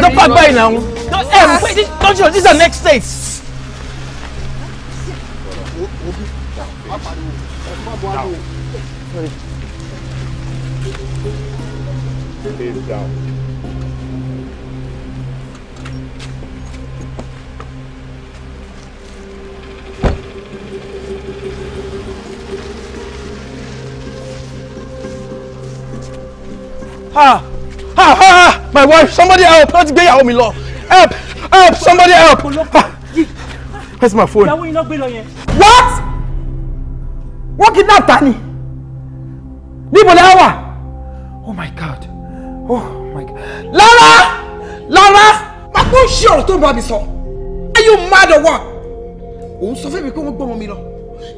I don't pass by now. No, não, hey, this, don't you know, this next state. Down. Down. Ha! Ha ha! My wife, somebody help! Let's get out of me, Lord. Help! Help! Somebody help! Where's my phone? What? What kidnapped Tani? Níbo lẹ wà? Oh my God! Oh my God! Lara! Lara! Má kó ṣe ọ̀rọ̀ tó ń Are you mad or what? Òun sọ fún mi pé wọ́n gbọ́mọ Kill lọ.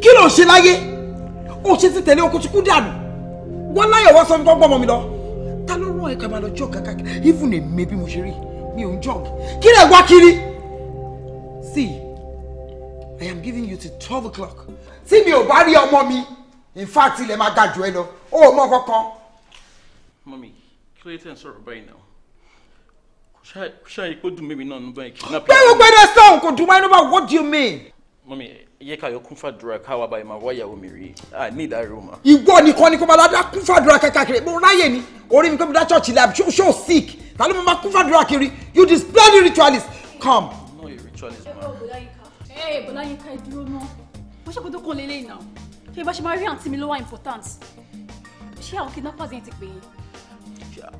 Kí ló ń ṣe you Ó you ti tẹ̀lé okùn tí kú dànù. Wọ́n láyọ̀ wá sọ fún mi ọlọ́run ẹ̀ka máa lọ jọ́ kàkàkì even èmi bí mo ṣe rí mi ò ń jọ́ kí lè wá kiri. see i am giving you till twelve o'clock tí mi ò bá rí ọmọ mi in fact ilẹ̀ máa ga jù ẹ lọ ó ò mọ kankan. mọ́mí kí ló tẹ̀ ń sọ̀rọ̀ báyìí náà kò ṣáà yìí kó dùn mí mi náà nù báyìí kidnap. bẹ́ẹ̀ gbogbo ẹ̀dá sọ̀rọ̀ kò dùn mí náà what do you mean mọ́mí yẹ ká yọ kún fàdúrà káwa báyìí e máa wáyà omi rí i ní ìdárò mà. ìwọ nìkan ni kò máa dáadáa kún fàdúrà kákiri mo ráyè ni orí mi kò mi dá chọ́ọ̀chì lab ṣó ṣó sick ta ló máa kún fàdúrà kiri you display bloody ritualist come. No, not a ritualist man. ẹ bọ́lá yín ká ẹ dúró náà wọ́n ṣàkóso kan lélẹ́yìn náà ṣé ìbáṣe máa rí àǹtí mi lọ́wọ́ important ṣé àwọn kidnappers yẹn ti pè é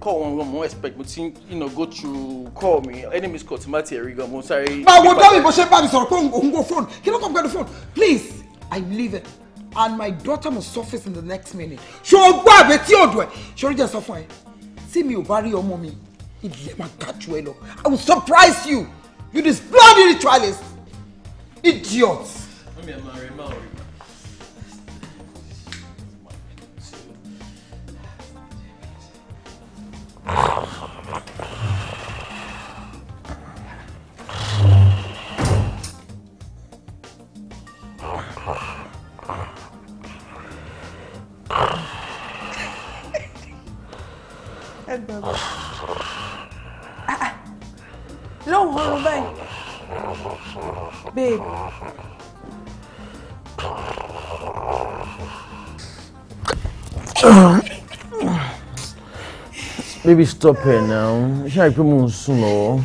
call one one more expect but ti you know, go through call me. any miss call ti ma ti ẹ̀rí gan mo sáré. báwo dáwìn bó ṣe bá mi sọ̀rọ̀ pé òun kò phone kí ló kàn pẹ̀lú phone please i'm leaving and my daughter must surface in the next minute. ṣé o gbọ́ àbẹ tí o dùn ẹ̀ ṣé orí jẹ́ sọ fún ẹ tí mi ò bá rí ọmọ mi ilé máa ga jù ẹ lọ i will surprise you you this bloody ritualist idiot. mami ẹ̀ máa rẹ̀ máa rí. Ugh. Baby, stop it now. Ṣé àìpé mò ń sùn lọ́wọ́?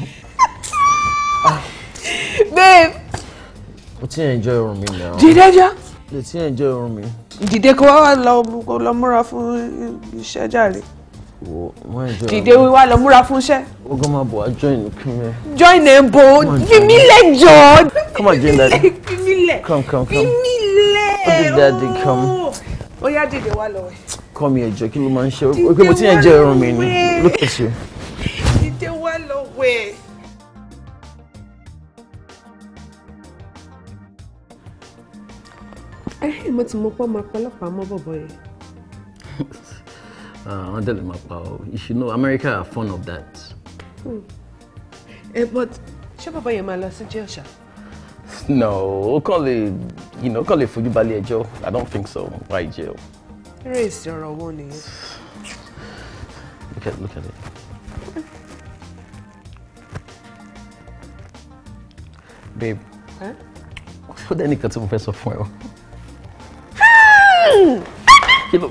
Babe! O ti enjoy oorun mi now. Dìde já. O ti enjoy oorun mi. Dìde kó wá lọ múra fún iṣẹ́ jàre. Dìde wíwá lọ múra fún iṣẹ́. Ogun máa bọ̀ wá join kí mi. Join ẹ̀ ń bo bímí lẹ́jọ́. Come on, join daddy. Bímí lẹ̀. Come, come, come. Bímí lẹ̀. Ó oh, di daddy come. Oh. Ó yá dìde wá lọ wẹ̀. Kọ́ mi ẹ̀jọ̀ kí ló máa ń ṣe? Ó pé mo ti enjoy oorun mi ni. Look at you. Jídé wá lọ wẹ̀. Ẹ mo ti mọ pọ́ máa pa ọlọ́pàá mọ́ bọ̀bọ̀ yẹn. Àwọn tẹ̀lé máa pa ọ. You should know America are fond of that. Ẹ hmm. eh, but ṣé bàbá yẹn máa lọ sí jail ṣá? No, ó kàn lè you know, ó kàn lè fojú balẹ̀ ẹjọ́. I don't think so. Why jail? Eré ìsìn ọ̀rọ̀ wo nìyẹn? Look at look at it. Babe. Kò dẹ́ni kan tí mo fẹ́ sọ fún ẹ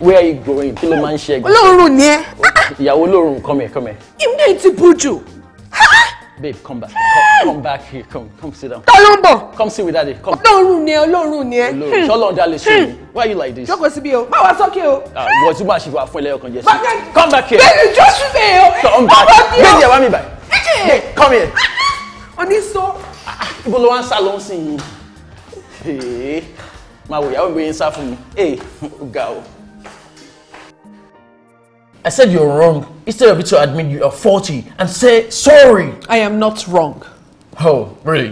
Where are you going? Kí ló máa ń ṣe ẹgbẹ́? Olóòórùn ni ẹ. Ìyàwó olóòórùn, come here, come here. Ìmúdẹ̀ ti bójú babe come back come, come back here come come sit down. tọ́lú come sit with daddy come. olóòrùn ni ẹ olóòrùn ni ẹ. olóòrùn sọlọ ọjà lè why are you like this. jókòó síbi o má wá sókè o. Ah, wọ́n tún máa ṣe wà fún ẹlẹ́yọkan jẹ́ sí. come back here. bẹ́ẹ̀ni jọ́sùn bẹ́ẹ̀ o. come back bẹ́ẹ̀ni ẹ̀ wá mi báyìí. come here. Ah, ah. oní sọ. ibo ló wá ń sá lọ sí i. máa wò ìyàwó mi bóyá ń sá fún mi. ọ̀gá o. I said you're wrong. Instead of it to admit you are faulty and say sorry. I am not wrong. Oh, really?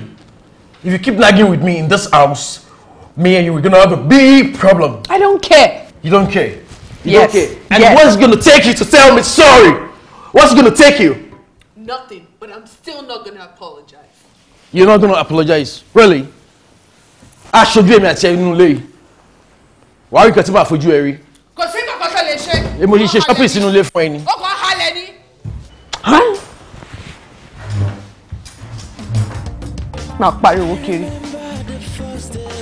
If you keep nagging with me in this house, me and you, are gonna have a big problem. I don't care. You don't care? You yes. don't care? And yes. what's gonna take you to tell me sorry? What's gonna take you? Nothing, but I'm still not gonna apologize. You're not gonna apologize? Really? I should be at Why are you cutting my food, Jerry? Kò sí not tó lè èmi yìí ṣe shopping sínú ilé fún ẹni. ó kàn halẹ̀ ni. máa pariwo kiri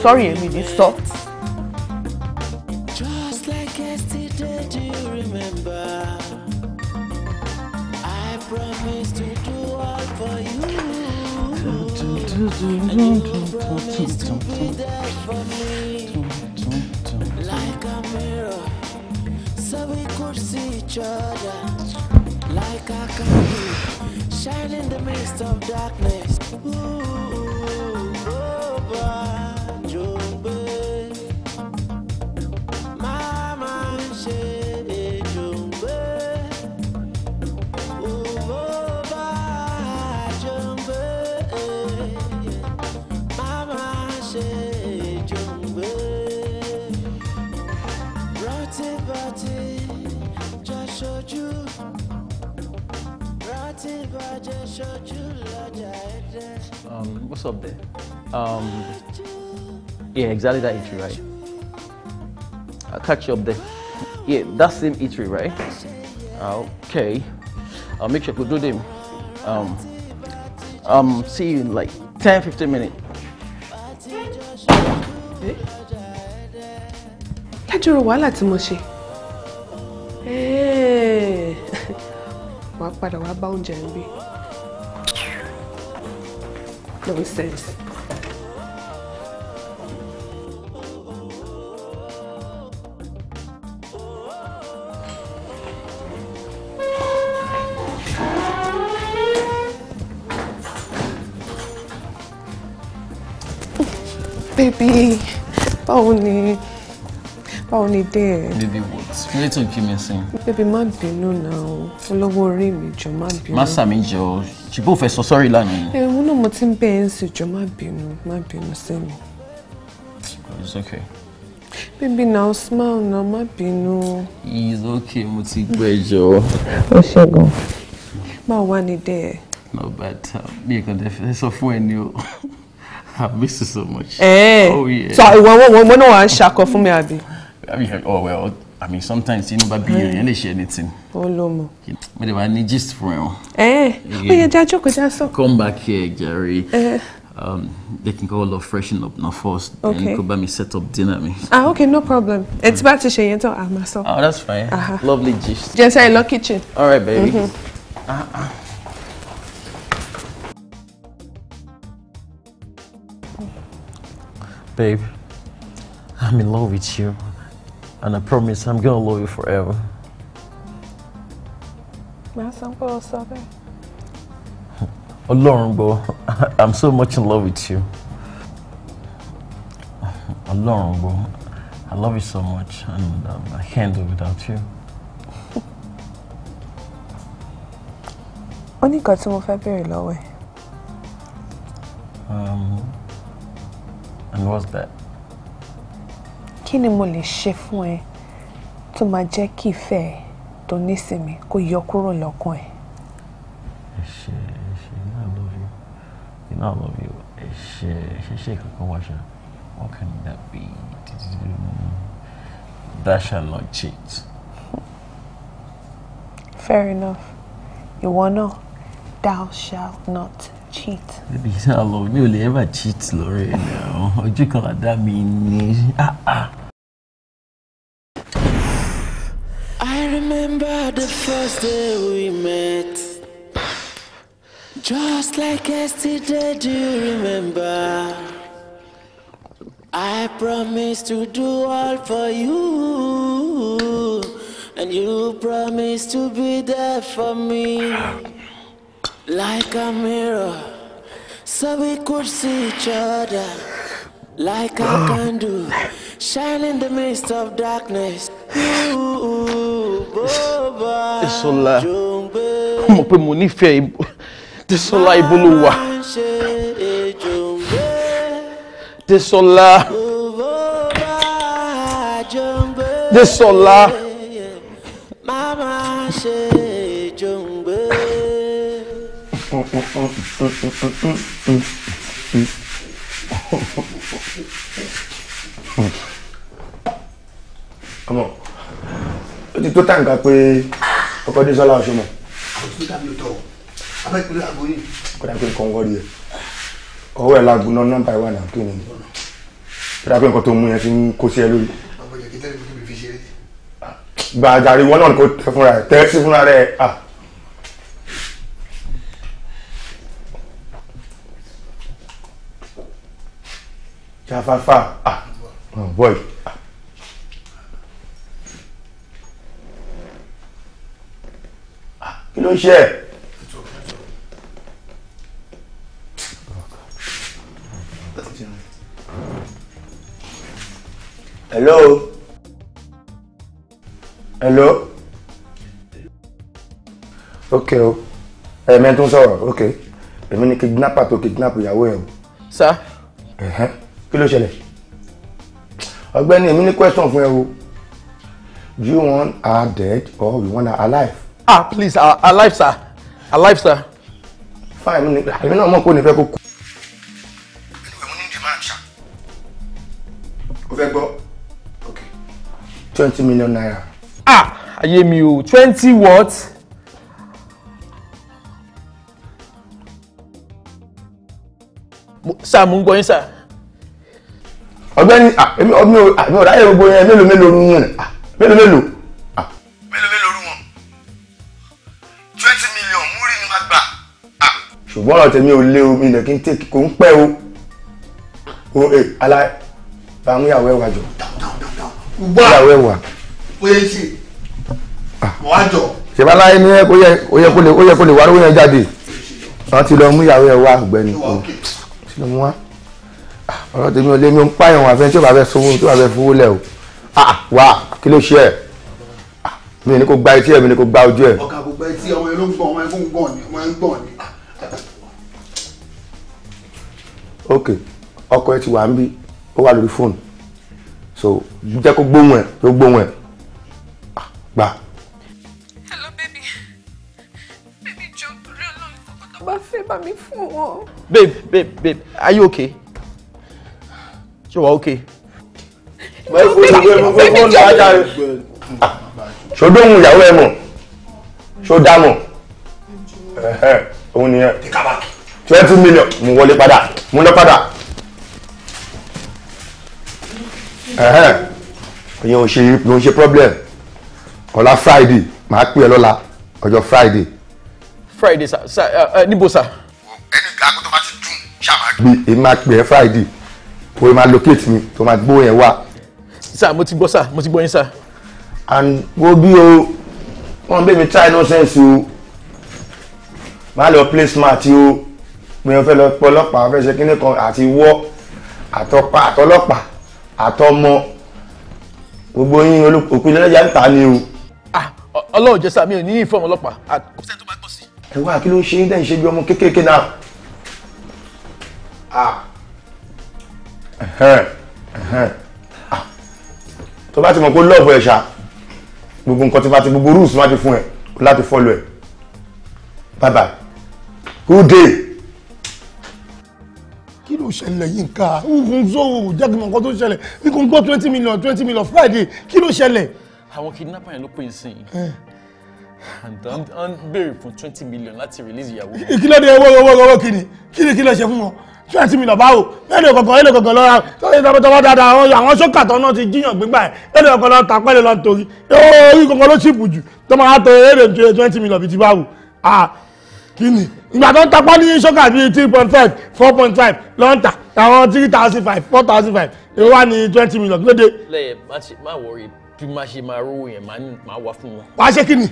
sọ́rí èmi ní sọ. Do, do, do, do, do, do, do, each like I can be. Shine in the midst of darkness. Ooh, oh, boy. Um, what's up there? Um, yeah, exactly that eatery, right? I'll catch you up there. Yeah, that same eatery, right? Okay. I'll make sure to do them. Um, um, see you in like 10 15 minutes. Kẹ́jọ́rò eh? wàhálà tí mo ṣe. Eh. Wàá padà wàá bá oúnjẹ ń gbé. Nonsense. Baby, báwo ni báwo baby what kí ló tún kí mi sí. baby má bínú náà o fọlọ́wọ́ orí mi jọ má bínú. má ṣùgbọ́n ò fẹ́ sọ sọ́rí lánàá. ẹ̀rù náà mo ti ń bẹ̀ ẹ́ ń ṣèjọ má bínú má bínú sí mi. it's okay. baby now smile now má bínú. it's okay mo ti gbẹ́jọ́. ó ṣẹ́gun. báwo wá ní dẹ́ no bad uh, mi kàn dé fẹ́ sọ fún ẹ ní o. I miss you so much. Eh. Oh yeah. So ìwọ wọn wọn náà wàá ṣakọ fún mi àbí. Oh well, I mean sometimes inú bá bí èèyàn lè ṣe anything. Oh, ló mọ. mo lè wá just for you. Eh? o. ẹ ó yẹ já jókòó come back here jerry. Eh? um, they can go a lot freshen up now first. Okay. Then kó buy me set up dinner me. Ah okay no problem. It's ti mm. to share ṣe yẹn tán àmà Oh that's fine. Uh -huh. Lovely gist. Jẹ́ sẹ́yìn lọ kitchen. All right baby. Mm -hmm. uh -uh. Babe, I'm in love with you and I promise I'm gonna love you forever. Ọlọ́run oh, bro, I'm so much in love with you. Ọlọ́run oh, bro, I love you so much and um, I can't do without you. Ó ní nǹkan tí mo fẹ́ béèrè lọ́wọ́ Um, and what's that? kí ni mo lè ṣe fún ẹ tó máa jẹ́ kí ìfẹ́ ẹ tó nísinmi kó yọ kúrò lọ́kàn ẹ. ẹ ṣe ẹ ṣe iná I love you iná I love you ẹ ṣe ẹ ṣe ṣe kankan wá ṣá what can that be that shall not cheat. fair enough ìwọ náà thou shall not cheat. Baby, I love you. You will ever cheat, Lorraine. Ojú kan àdá mi ni. Ah ah. I remember the first day we met. Just like yesterday, do you remember? I promised to do all for you, and you promised to be there for me, like a mirror, so we could see each other, like a candle, shine in the midst of darkness. Desola ó mọ̀ pé mo nífẹ̀ẹ́ Desola ibo ló wà Desola Desola. Come on ó ti tó tàǹkà pé ọkọ dé sọ́lá ọ̀ṣun mọ̀. àwọn tó dábìí ọ̀tọ̀ abẹ́kúlẹ̀ àgbo yìí. kódà pé nǹkan wọ́ọ̀rì ẹ̀ ọwọ́ ẹ̀ lágùn náà nọ́mbà ìwà náà kéwìn ni kódà pé nǹkan tó mú yẹn ti ń kó sí ẹ lórí. gbàjàre wọn náà kò tẹ fúnra ẹ tẹ sí fúnra rẹ à. jáfáfá ah boy. kí ló ṣe ẹ. hello hello ok o ẹ̀mẹ́ tó ń sọ̀rọ̀ ok èmi ni kidnapper tó kidnap ìyàwó ẹ̀ o. sá. kí ló ṣẹlẹ̀ ọ̀gbẹ́ni èmi ní question fún ẹ o do you want her dead or you want her alive ah please ah, alive sir alive sir. fine million naira. mi àmì náà mọ̀ pé ò ní fẹ́ kó kú. mo ní demand ṣá. o fẹ́ gbọ́ ok twenty million naira. ah ayé mi o twenty what. sáà mò ń gbọ́ yín sáà ọ̀gbẹ́ni àmì ah, ọ̀ráyè gbogbo yẹn mélòó mélòó ah, mélòó mélòó ṣùgbọ́n ọ̀rọ̀ tèmi ò lé mi lè kí n tèkì kò ń pẹ́ o o e ala bá ń yàwó ẹwà jọ. wá yàwó ẹwà. o yẹ ṣe ah. wá jọ. ṣèbá láyé ní ó yẹ kó lè wá yẹn jáde wọ́n ti lọ mú yàwó ẹwà ọ̀gbẹ́ni o ti lọ mú wá ah, ọ̀rọ̀ tèmi ò lé mi ò ń pààyàn wà fẹ́ tí ó bá fẹ́ sówó tí ó bá fẹ́ fowó lẹ̀ o ah, wá kí ló ṣe ẹ̀ mi ní kò gba etí ẹ̀ mi ní kò gba ojú ẹ̀. ọkà kò gba etí ọmọ ok ọkọ ẹ ti wà ń bí ó wà lórí fóònù so jẹ́ kó gbóhùn ẹ̀ tó gbóhùn ẹ̀ gbà. hello baby baby jọ torí ọlọ́run kọ́kọ́ tó bá fẹ́ bá mi fún wọn. babe babe babe are you okay? ṣé wàá okay? ṣòdóhùn ìyàwó ẹ mọ̀ ṣòdámọ̀ òun nìyẹn twenty million mo wọlé padà mo lọ padà ìyẹn ò ṣe ló ń ṣe problem ọ̀la friday màá pè ẹ́ lọ́la ọjọ́ friday. friday sa sa ẹ níbo sa. ẹnì kan kó tó bá ti dùn ṣáà. èmi máa pè ẹ́ friday kó o máa locate mi tó máa gbó yẹn wá. sá mo ti gbọ́ sá mo ti gbọ́ yín sá. and wo bí o wọn bẹ mi try nonsense o máa lọ play smart o pé wọ́n fẹ́ lọ pọ ọlọ́pàá wọ́n fẹ́ ṣe kíní kan àti wọ́ àtọ́pá àtọlọ́pàá àtọmọ gbogbo yín òkú ìlẹ́lẹ́yà ń ta ni o. Ah, ọlọ́run jẹ́ sáà mi ò ní ìfọ̀mù ọlọ́pàá ah, kò sẹ́ni tó bá gbọ́ sí. ẹ wá kí ló ń ṣe yín dẹ́yìn ṣe bí ọmọ kéékèèké náà. Ah. tó bá ti mọ̀ pé lọ́ọ̀bù ẹ̀ ṣá gbogbo nǹkan tí bá ti gbogbo rules má ti fún ẹ láti follow ẹ bye bye good day ṣẹlẹ̀ yìí nǹka oògùn sóò jákèmọ̀ nǹkan tó ṣẹlẹ̀ ní kò ń gbọ́ twenty million twenty million friday kí ló ṣẹlẹ̀. àwọn kidnapper yẹn ló pè é sí i and ń béèrè fún twenty million láti release ìyàwó. ìkílẹ̀ ni owó owó owó kìíní kíni kílẹ̀ ṣe fún wọn twenty million báwo ẹni ọ̀kọ̀ọ̀kan ẹni ọ̀kọ̀ọ̀kan lọ́ra tọ́jú tọ́jú dáadáa àwọn àwọn sọ́kà tó náà ti jíyàn gbígbà ẹ̀ ẹni ọ̀kan lọ́ra tà pẹ́lẹ́ lọ́n torí orí kankan ló ṣìpù jù tó máa tó eré twenty million bíi ti báwo ah, kí ni ìgbà tó ń tapá ní ṣọ́kà bíi three point five four point five lọ́ńtà àwọn three thousand five four thousand five èyí wá twenty million lóde. lẹ́yìn má wọrí bí má ṣe máa rówó yẹn máa wá fún wọn. wàá ṣe kí ni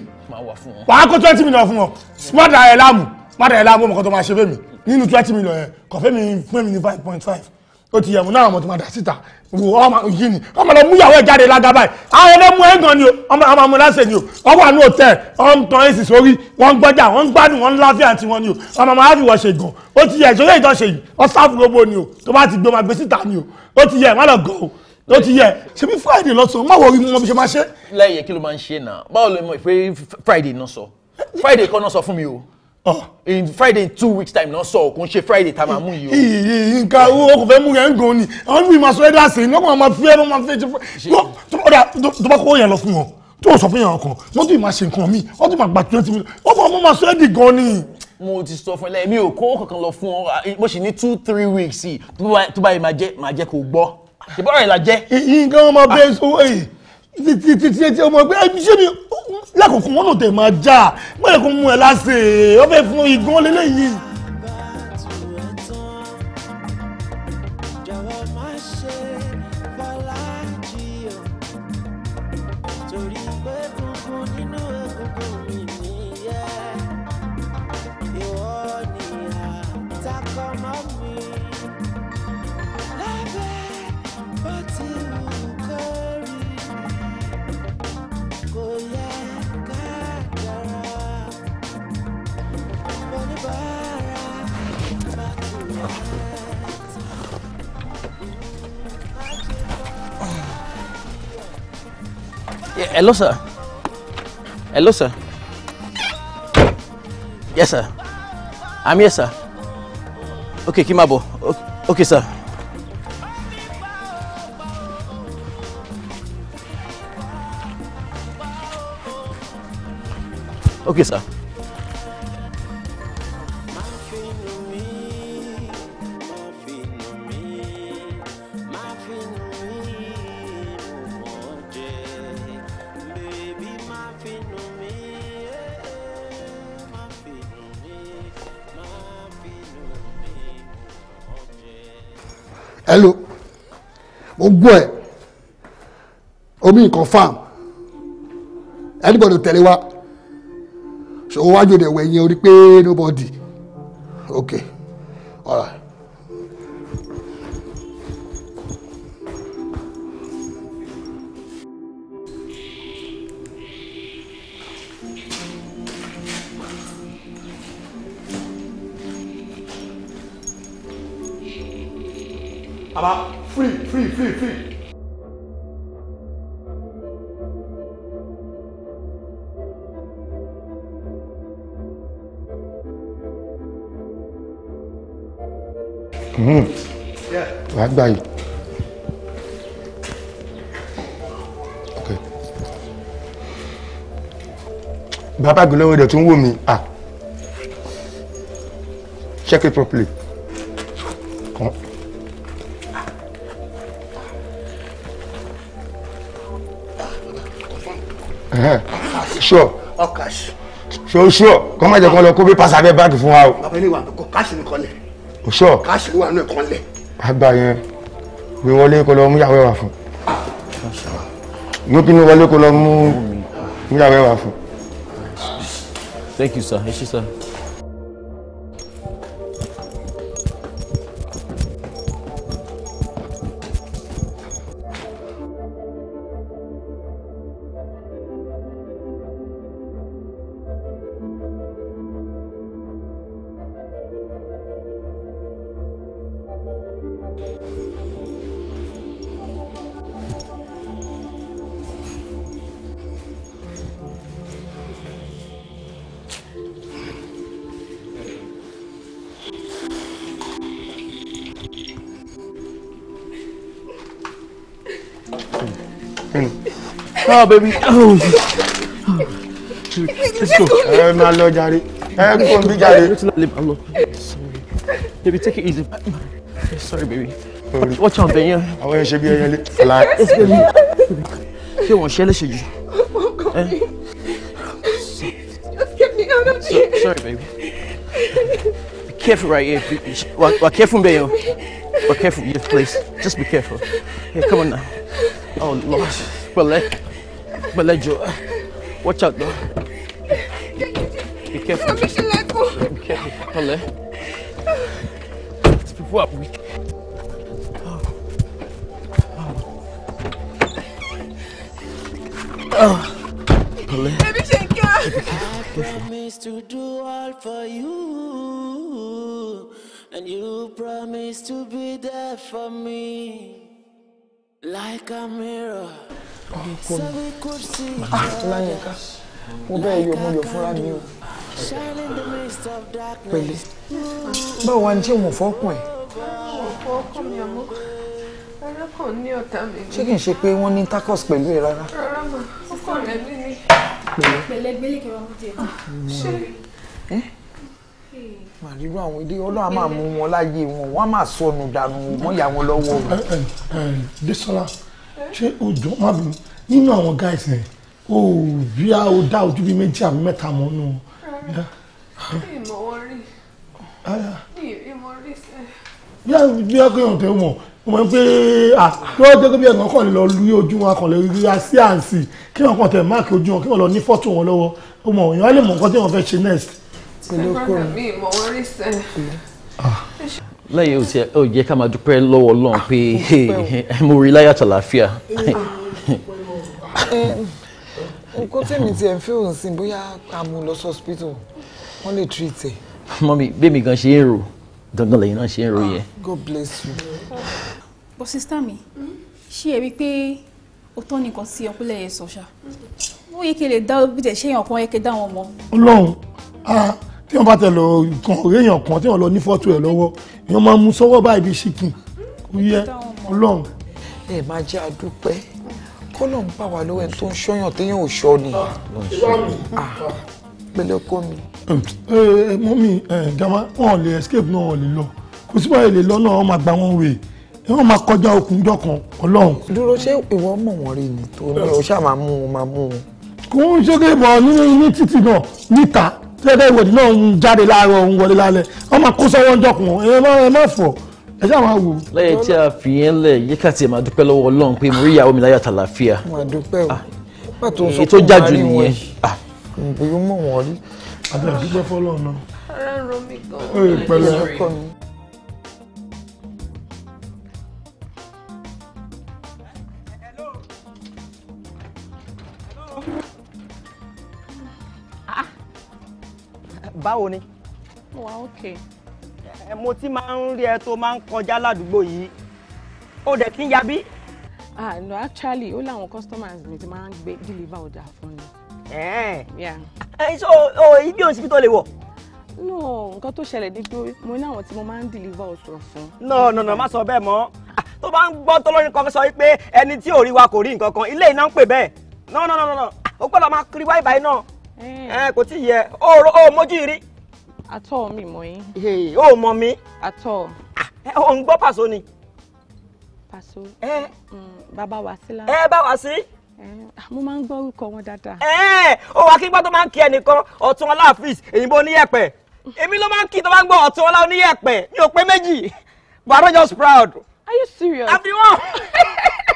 wàá kó twenty million fún wọn smart ayẹ láàmú smart ayẹ láàmú ọmọkàn tó máa ṣe fẹ́mi nínú twenty million yẹn kọ̀fẹ́mi fún mi ní five point five ó ti yẹ̀mú náà ọmọ tó máa dà síta wò ọmọ yìí ni ọmọ lọ mú ìyàwó ẹ̀ jáde lágaba ẹ̀ àwọn ẹlẹ́ mú ẹ̀gàn ni o ọmọ ọmọ amúláṣẹ ni o wọ́n wà ní hòtẹ́ẹ̀ wọ́n ń tan èsì sórí wọ́n ń gbọ́jà wọ́n ń gbádùn wọ́n ń láfíà tiwọn ni o ọmọ ọmọ aláfi wọ̀ ṣe ó ti yẹ ìṣòro ìjọṣe yìí ọ sáfù gbogbo ni o tó bá ti gbé ọmọ gbé síta ni o ó ti yẹ má lọ gàn ó ti yẹ ṣebí friday lọ sọ má wọ orí mu wọn bí ṣe máa ṣe. lẹ́yìn kí ló friday náà friday kọ́ náà sọ fún mi o Oh. in friday in two weeks time náà sọ òkun ṣe friday tá a máa mú yìí o. iye nǹkan owó kò fẹ́ mú yẹn ń gan ni àwọn míì máa sọ ẹ́ dáàsì ní ọkùnrin máa fi ẹ́ máa fi ẹ́ ṣe ọ̀dà tó bá kó yẹn lọ fún wọn tó sọ fún yẹn ọkàn wọ́n tún máa ṣe nǹkan míì wọ́n tún máa gba twenty million ó fọ ọmọ máa sọ ẹ́ di gan ni. mo ti sọ fún ẹ lẹ́yìn mi ò kó kankan lọ fún ọ ah, mo sì ní two three weeks yìí tó báyìí máa jẹ́ kó jẹ́. iye nǹkan máa títí ọmọ ẹgbẹ́ ṣé mi lákòókò wọn ò tẹ̀ máa já mọ̀lẹ́kùn mú ẹ láṣẹ ọ fẹ́ fún igun lélẹ́yìí. hello, sir. Hello, sir. Yes, sir. I'm here, sir. Okay, Kimabo. Okay, sir. Okay, sir. Hello. lò ogún ẹ omi nǹkan farm anybody tẹ̀lé wa so wájú ọ̀dẹ̀ wẹ̀yìn orí pé nobody okay all right. Yeah. Hmm. flee. wàá Okay. yìí. go gbẹlẹ́wọ̀n dẹ̀ tún wò mí ah check it properly. sure. all cash. so sure kọ́ má jẹ́ kó lọ kó bí pàṣẹ abẹ́ báàgì fún wa o. bàbá ilé wa kò káàṣì nìkan lẹ̀. o sure. káàṣì wà nù ẹ̀kan lẹ̀. àgbà yẹn gbé wọlé kó lọ mú yàwó ẹwà fún. gbé wọlé kó lọ mú yàwó ẹwà fún. thank you sir ẹ ṣé sir. Oh, baby. Oh. Let's go. Ẹ máa lọ jàre. Ẹ kò ń bí jàre. Let's not leave alone. Sorry, Baby, take it easy. Sorry, baby. Watch out, baby. Àwọn ẹ̀ṣẹ̀ bí ẹyẹlé. Ṣé wọ́n ṣe léṣe jù? Eh? Just get me out of here. Sorry, baby. Be careful right here. Be, be careful, baby. Be careful, yes, please. Just be careful. Here, come on now. Oh, Lord. Well, let. Eh? pẹ̀lẹ́ watch out though. Be careful. Be careful. Pẹ̀lẹ́. These people are weak. Oh. Oh. Oh. Pẹ̀lẹ́. Baby, take care. Be careful. I promise to do all for you. And you promise to be there for me. Like a mirror. Ọláyínká, mo bẹ́ ilé ọmọ yọ fúnra mi o. Pẹ̀lẹ́, báwo wá ní ṣé mo fọ́kùn ẹ̀? Mo fọ́kùn mi àmọ́, arákùn ní ọ̀tá mi. Ṣé kìí ṣe pé wọ́n ní tacos pẹ̀lú ẹ rárá? Rárá mà, ó kọ̀ lẹ́bí ni. Pẹ̀lẹ́ gbélé kí wọ́n mú jẹ. Ṣé? màdìrú àwọn ilé ọlọ́run a máa mú wọn láyé wọn wọn a máa sọnù dànù mọ́yà wọn lọ́wọ́. Désọlá ṣé òjò má bínú nínú àwọn guys yẹn o bí a o dá ojú bíi méjì àbí mẹ́ta mọ́ nù. ìmọ̀ wọn rí ìmọ̀ rí sẹ́. bí a bí a kéèyàn tẹ́ mọ̀ mo mọ̀ pé lọ́wọ́ jẹ́ bí ẹ̀gbọ́n kàn lè lọ lú ojú wọn kàn lè rí àṣì àǹsì kí wọ́n kàn tẹ̀ máàkì ojú wọn kí wọ́n lọ ní fọ́tò wọn lọ́wọ́ o mọ̀ èèyàn á lè mọ̀ nǹkan tí wọ́n fẹ́ ṣe next. pẹ̀lú kò rẹ̀ mi ìmọ̀ wọn rí sẹ́ lẹ́yìn o tiẹ̀ ó yẹ ká máa dúpẹ́ lọ́wọ́ Ọlọ́run pé mo rí láyàtọ̀ láfíà. nǹkan tí mi tiẹ̀ ń fi òun sìn bóyá àmú lọ sí hospital wọ́n lè treat ẹ̀. mọ́mí bẹ́ẹ̀mi gan ṣe ń rò dandan lẹ́yìn náà ṣe ń rò yẹn. Ah, God bless you. bó sísá mi ṣé ẹ rí i pé o tọ́ nìkan sí ọkùnrin lẹ́yìn sọ̀ṣà ó yẹ kí ẹ lè dá bí tẹ̀ ṣé èèyàn kan yẹ kí ẹ dá wọn mọ́. Ọlọ́run ah tí wọ́n bá tẹ̀ lọ kan réèyàn kan tí wọ́n lọ ní fọ́tò ẹ̀ lọ́wọ́ èèyàn máa mú sọ́wọ́ báyìí bí ṣìkìn kò yẹ ọlọ́run. ẹ máa jẹ́ àdúpẹ́ kọ́lọ̀ ń bà wá lọ́wọ́ ẹni tó ń ṣọ́yàn téèyàn ò ṣọ́ ni. Ah, ah, pẹ̀lẹ́ ọkọ mi. ẹ mọ mi gama wọn lè escape náà wọn ò lè lọ kò sí báyìí lè lọ náà wọn máa gba wọn wèé ẹ wọn máa kọjá okùn jọ kan ọlọ́run. dúró ṣé ìwọ mọ̀ wọ́n rí ni tó ní o ṣáà máa mú wọn máa mú wọn. kò ń ṣe kébọ̀ nínú ní títì náà níta tẹ́lẹ̀ ìwọ̀dì náà ń jáde láàárọ̀ ń wọlé lálẹ́ wọ́n máa kó sọ́wọ́ ń dọ̀kun ẹ má fọ̀ ẹ ṣáà máa wò. lẹ́yìn tí a fi yẹn lẹ̀ yí káàtì máa dúpẹ́ lọ́wọ́ Ọlọ́run pé mo rí ìyàwó mi láyà tàlàfíà. máa dúpẹ́ o pàtó ah, sọ fún ah. mọ̀ wọ́n rí. àbẹ̀ àdúgbò fọlọ́ náà. ń ro mi gan-an. báwo ni. wà ókè. ẹ mo ti máa ń rí ẹ tó máa ń kọjá ládùúgbò yìí ó dẹ̀ kí n yabí. ah no actually ó láwọn customers mi ti máa ń gbé deliver ọjà fún mi. ẹ ẹ so o ibi òsibí tó lè wọ̀ no nǹkan tó ṣẹlẹ̀ ni pé mo ní àwọn tí mo máa ń deliver ọ̀sọ̀ fún. no no no má sọ bẹ́ẹ̀ mọ́ ah, tó bá ń gbọ́ tọ́lọ́rin kan sọ pé ẹni tí ò rí wa kò rí nǹkan kan ilé iná ń pè bẹ́ẹ̀ no no no no ó gbọ́dọ̀ máa kiri wáyé báyìí náà ẹ eh. eh, kò tí ì yẹ ó mójú rí. atọ́ mi mọ̀ hey o mọ̀ mi. atọ́. O ah, ń gbọ́ Paso ni. pàṣọ. ẹ eh. mm, bàbá wa sí la. ẹ ba wa sí. mo máa ń gbọ́ orúkọ wọn dada. ẹ ó gbọ́ tó máa ń kí ẹnìkan ọ̀tún ọlá mm. ló mi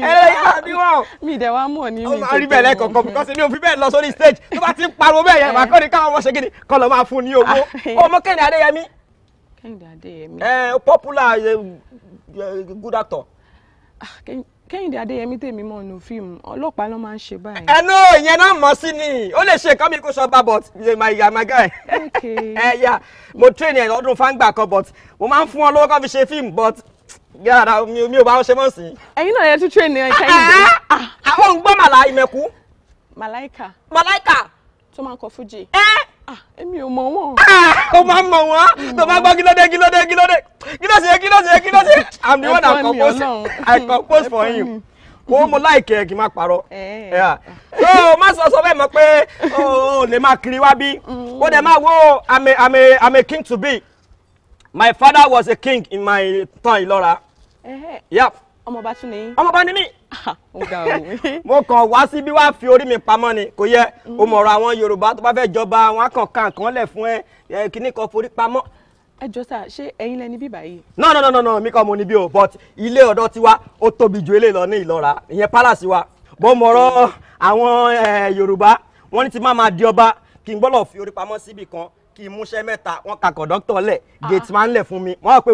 ẹrẹ yà ni wọn. mi dẹ̀ wá mọ̀ ní mi. ó máa rí bẹ́ẹ̀ lẹ́kọ̀ọ̀kan because mi ò fi bẹ́ẹ̀ lọ sórí stage tó bá ti ń pariwo bẹ́ẹ̀ yẹn màkọ́ ni káwọn ọmọ ṣe gidi kọ́ lọ́ máa fún ní owó ah, ọmọ Kẹ́hìndé Adéyẹmí. Kẹ́hìndé Adéyẹmí. ẹ popular good actor. Ah, Kẹ́hìndé Adéyẹmí tèmi mọ̀ nù fíìmù ọlọ́pàá ló máa ń ṣe báyìí. ẹ ló ìyẹn náà mọ̀ sí ni ó lè ṣe nǹkan mi kó sọ bá but my ya my guy. ẹ eh, yà mo train ẹ lọ́dún fáńgbà kan but mo máa ń fún ọ lọ́wọ́ kan fi ṣe fíìmù but yàrá mi ò bá ọ ṣe mọ̀ sí. ẹ̀yin náà yẹ tún train ní ẹ̀ka ìgbé. àwọn òǹgbọ́ ah, ah, ah, màlá ìmẹ̀kú. màláìkà. màláìkà. tó máa ń kọ fújì. ẹ èmi ò mọ̀ wọ́n. o máa ń mọ̀ wọ́n tó máa ń gbọ́ gílódé gílódé gílódé gílódé gílódé gílódé i'm the one that compose i compose for you wo mo láìkẹ ẹ kì í máa parọ́ ọ má sọ sọ bẹ́ẹ̀ mọ̀ pé o lè máa kiri wá bí mm. ó dẹ̀ máa wo i'm a i'm a i'm a king to be my father was a king in my town Ìlọra yap ọmọọba tún ni. ọmọọba ni mí. Ah, ó ga mo kàn wá síbí wá fi orí mi pamọ́ ni kò yẹ o mọ̀ ọ̀rọ̀ àwọn yorùbá tó bá fẹ́ jọba wọn kàn kan kan lẹ̀ fún ẹ kíní kan forí pamọ́. ẹ jọ sá ṣé ẹ̀yin lẹni bí báyìí. no no no no no mi kàn mo ni bí o but ilé ọ̀dọ́ tiwa ó tóbi ju eléyìí lọ ní ìlọ́ra ìyẹn palace wa bó mọ̀ ọ̀rọ̀ àwọn yorùbá wọ́n ní ti má máa di ọba kí n gbọ́dọ̀ fi orí pamọ́ síbì kan kí n múṣẹ́ mẹ́ta wọ́n kakọ̀ dókítà lẹ̀ ah. gate máa ń lẹ̀ fún mi wọ́n á pé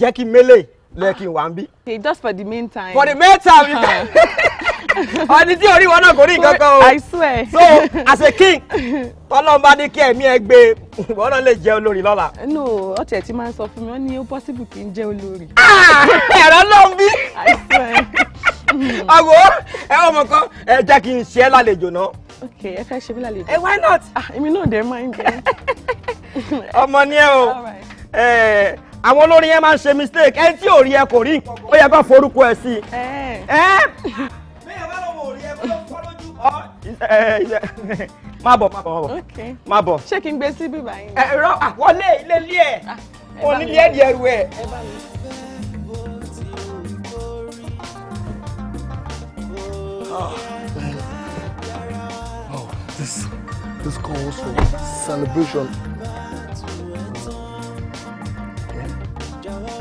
jẹ́ kí mélèé lẹ́ẹ̀kì wà ń bí. okay just for the main time. for the main time you can. ọdún tí orí wọn náà kò rí nǹkan kan o. i swear. so as a king tọ́lọ́n bá ní kí ẹ̀mí ẹ gbé wọn náà lè jẹ́ olórí lọ́la. no ọ̀tẹ̀ tí máa ń sọ fún mi ó ní ó possible kí n jẹ́ olórí. Ah, ẹ̀rọ náà ń bí. i swear. ọ̀wọ́ ah, ẹ ọmọ kan ẹ jẹ́ kí n ṣe é lálejò náà. ok ẹ fẹ́ ṣe mí lálejò. ẹ eh, why not. Ah, èmi náà dẹ̀ máa ń jẹ. ọmọ ni ẹ o. all right. Eh, àwọn olórin yẹn máa ń ṣe mistake ẹni tí ò rí ẹ kò rí nǹkan ó yẹ kó forúkọ ẹ sí i. bẹ́ẹ̀ bá lọ́wọ́ ò rí ẹ kó fọ́lójú. má bọ̀ má bọ̀ má bọ̀ má bọ̀. ṣé kí n gbé síbí báyìí. ẹ rọ àwọlé ilé ilé ẹ ah, mo ní ilé ẹ̀dì ẹrù ẹ. Oh, oh, this this calls for celebration